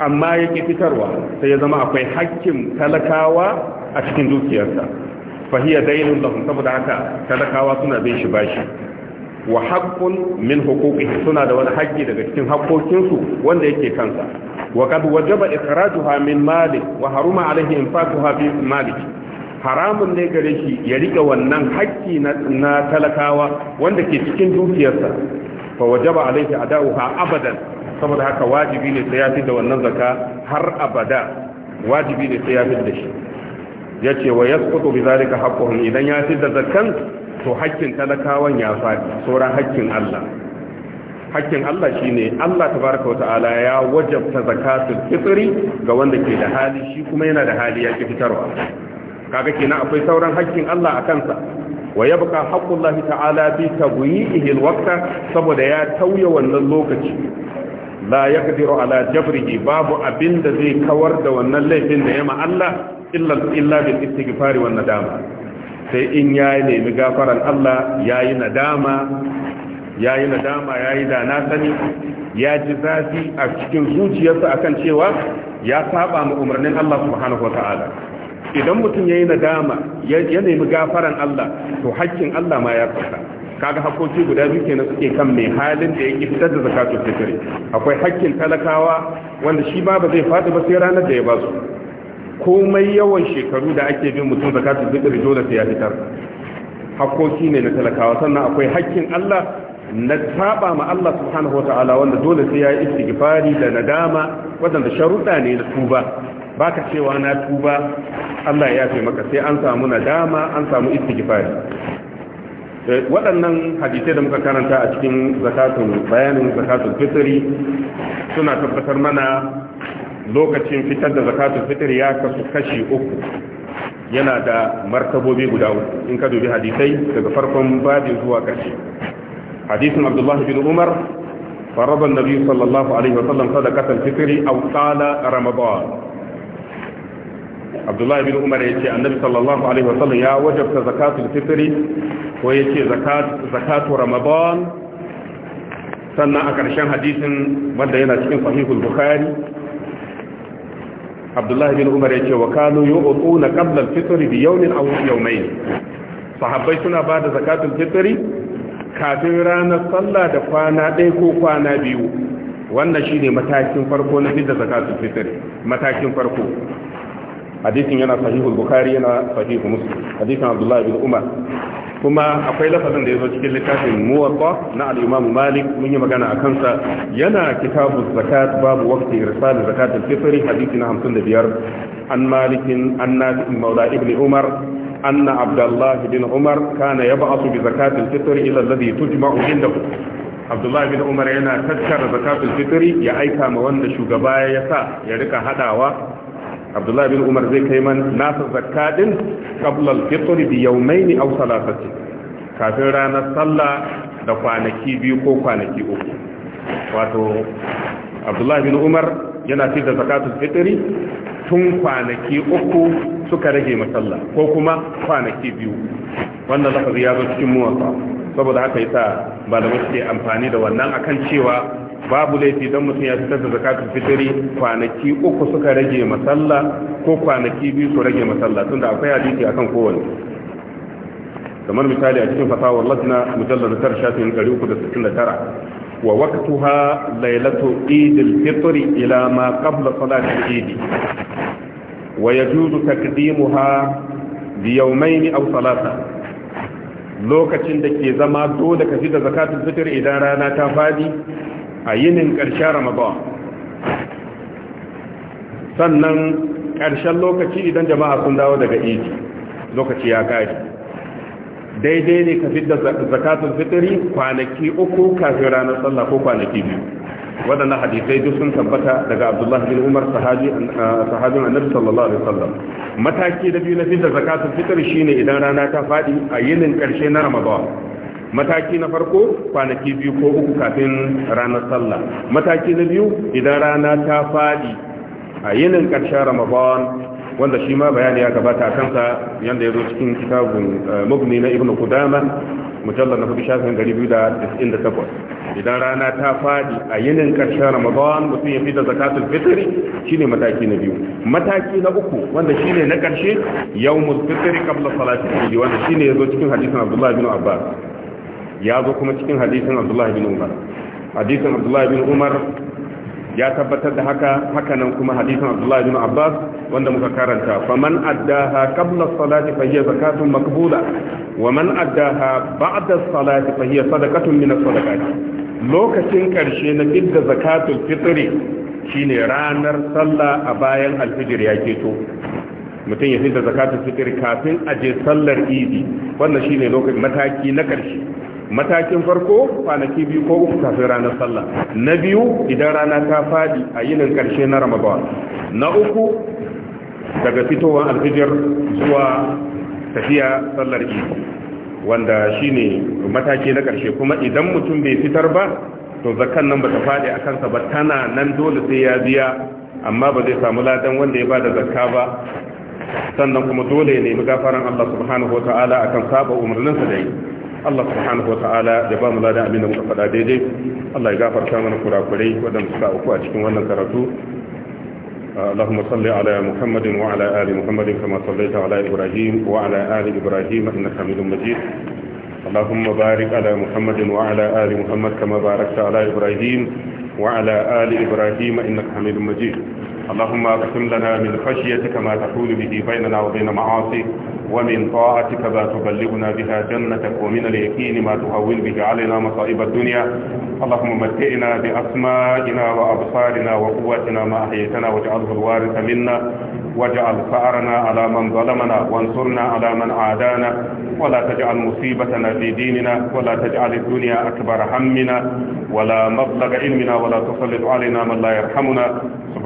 amma yake fitarwa sai ya zama akwai hakkin talakawa a cikin dukiyarsa dainin da lahum saboda haka talakawa suna zai shi bashi wa haƙƙun min huquqihi suna da wani haƙƙi daga cikin haƙƙokinsu wanda yake kansa wa qad wajaba ikhrajuha min mali wa haruma alayhi infaquha fi mali haramun ne gare shi ya rike wannan haƙƙi na talakawa wanda ke cikin dukiyarsa fa wajaba alaihi ada'uha abadan saboda haka wajibi ne sai ya fi da wannan zakka har abada wajibi ne sai ya fi da shi yace wa yasqutu bi zalika haqquhum idan ya fi da zakkan to haƙƙin talakawan ya faɗi sauran haƙƙin Allah hakkin Allah shine Allah tabaraka wata'ala ya wajabta zakatul fitri ga wanda ke da hali shi kuma yana da hali ya ki fitarwa kaga kenan akwai sauran hakkin Allah a kansa wa haƙƙun haqqullahi ta'ala bi ihil alwaqta saboda ya tauya wannan lokaci la yaqdiru ala jabrihi babu abinda zai kawar da wannan laifin da ma Allah illa illa bil istighfari wan nadama sai in yayi nemi gafaran Allah yayi nadama yayi nadama yayi da na sani ya ji zafi a cikin zuciyarsa akan cewa ya saba mu umarnin Allah subhanahu wataala idan mutum ya yi nadama ya nemi gafaran Allah to haƙƙin Allah ma ya fita. kaga hakoki guda biyu ke na suke kan mai halin da ya ƙi fitar da zakatun fitr akwai haƙƙin talakawa wanda shi ba ba zai faɗi ba sai ranar da ya ba su komai yawan shekaru da ake bin mutum zakatun fitr dole sai ya fitar hakoki ne na talakawa sannan akwai haƙƙin Allah na saba ma Allah subhanahu ta'ala wanda dole sai ya yi istighfari da nadama wadanda sharuɗa ne na tuba baka cewa na tuba Allah ya yafe maka sai an samu nadama an samu istighfari waɗannan hadisai da muka karanta a cikin zakatun bayanin zakatun fitri suna tabbatar mana lokacin fitar da zakatun fitri ya kasu kashi uku yana da martabobi guda uku in ka dubi hadisai daga farkon babi zuwa ƙarshe hadisin abdullahi bin umar faraba nabi sallallahu alaihi wasallam sadaqatul fitri aw qala ramadan abdullahi bin umar ya ce annabi sallallahu alaihi wasallam ya wajabta zakatul fitri ko ya ce zakatu ramadan sannan a ƙarshen hadisin wanda yana cikin sahihul bukhari abdullahi bin umar ya ce wa kanu yu'tuna qabla al-fitr bi yawmin aw yawmayn sahabbai suna ba da zakatul fitri kafin ranar sallah da kwana ɗaya ko kwana biyu wannan shine matakin farko na fidda zakatul fitri matakin farko hadisin yana sahihul bukhari yana sahihul muslim hadisin abdullahi bin umar kuma akwai lafazin da ya zo cikin littafin muwatta na al-imam malik mun yi magana a kansa yana kitabu zakat babu waqti irsal zakat al-fitr hadisi na 55 an malikin an nafi maula ibn umar anna abdullah bin umar kana yab'athu bi zakat al-fitr ila alladhi tujma'u indahu Abdullahi bin umar yana tattara zakat al-fitr ya aika ma wanda shugaba ya sa ya rika hadawa abdullahi bin umar zai kai man nasa zakka din qabla al-fitr bi yawmayn aw thalathati kafin ranar sallah da kwanaki biyu ko kwanaki uku wato abdullahi bin umar yana fi da zakatul fitri tun kwanaki uku suka rage masalla ko kuma kwanaki biyu wannan lafazi ya zo cikin muwafa saboda haka yasa malamai suke amfani da wannan akan cewa babu laifi don mutum ya fitar da zakatul fitri kwanaki uku suka rage masalla ko kwanaki biyu su rage masalla tunda akwai hadisi akan kowanne kamar misali a cikin fasahar lasna mujallar tar shafin 369 wa waqtuha lailatu idil fitri ila ma qabla salati idi wa yajuzu taqdimuha bi aw lokacin da ke zama dole ka fi da zakatun fitar idan rana ta fadi a yinin ƙarshen ramadan sannan ƙarshen lokaci idan jama'a sun dawo daga iji lokaci ya kari daidai ne ka fi da zakatun fitar kwanaki uku kafin ranar sallah ko kwanaki biyu waɗannan hadisai duk sun tabbata daga abdullah bin umar ah, sahabin annabi sallallahu alaihi wasallam mataki da biyu na fitar zakatul fitr shine idan rana ta fadi a yinin karshe na ramadan mataki na farko kwanaki biyu ko uku kafin ranar sallah mataki na biyu idan rana ta fadi a yinin karshen ramadan wanda shi ma bayani ya gabata a kansa yadda ya zo cikin kitabun ah, mubni na ibn kudama mujallar na hudu shafin gari biyu da tis'in da takwas idan rana ta fadi a yinin ƙarshen ramadan mutum ya fi da zakatul fitri shine mataki na biyu mataki na uku wanda shine na ƙarshe yawmul fitri qabla salati al wanda shine yazo cikin hadisin abdullahi bin abbas ya zo kuma cikin hadisin abdullahi bin umar hadisin abdullahi bin umar ya tabbatar da haka hakanan kuma hadisin Abdullah ibn Abbas wanda muka karanta faman addaha qabla as-salati fa hiya zakatun maqbula wa man addaha ba'da as-salati fa hiya sadaqatun min as-sadaqat lokacin karshe na fidda zakatul fitri shine ranar sallah a bayan alfijir ya keto mutum ya fidda zakatul fitri kafin aje sallar idi wannan shine lokacin mataki na karshe matakin farko kwanaki biyu ko uku kafin ranar sallah na biyu idan rana ta fadi a yinin karshe na ramadan na uku daga fitowar alfijir zuwa tafiya sallar idi wanda shine mataki na karshe kuma idan mutum bai fitar ba to zakkan nan ba ta fadi a kansa ba tana nan dole sai ya biya amma ba zai samu ladan wanda ya bada zakka ba sannan kuma dole ya nemi gafaran Allah subhanahu wataala akan saba umarninsa da yi Allah subhanahu wa ta'ala ya ba mu ladan abin da muka faɗa daidai Allah ya gafarta mana kurakurai waɗanda suka uku a cikin wannan karatu اللهم صل على محمد وعلى آل محمد كما صليت على إبراهيم وعلى آل إبراهيم إنك حميد مجيد اللهم بارك على محمد وعلى آل محمد كما باركت على إبراهيم وعلى آل إبراهيم إنك حميد مجيد اللهم اقسم لنا من خشيتك ما تحول به بيننا وبين معاصيك ومن طاعتك ما تبلغنا بها جنتك ومن اليقين ما تهون به علينا مصائب الدنيا اللهم متئنا بأسمائنا وأبصارنا وقوتنا ما أحيتنا واجعله الوارث منا واجعل فأرنا على من ظلمنا وانصرنا على من عادانا ولا تجعل مصيبتنا في ديننا ولا تجعل الدنيا أكبر همنا ولا مبلغ علمنا ولا تسلط علينا من لا يرحمنا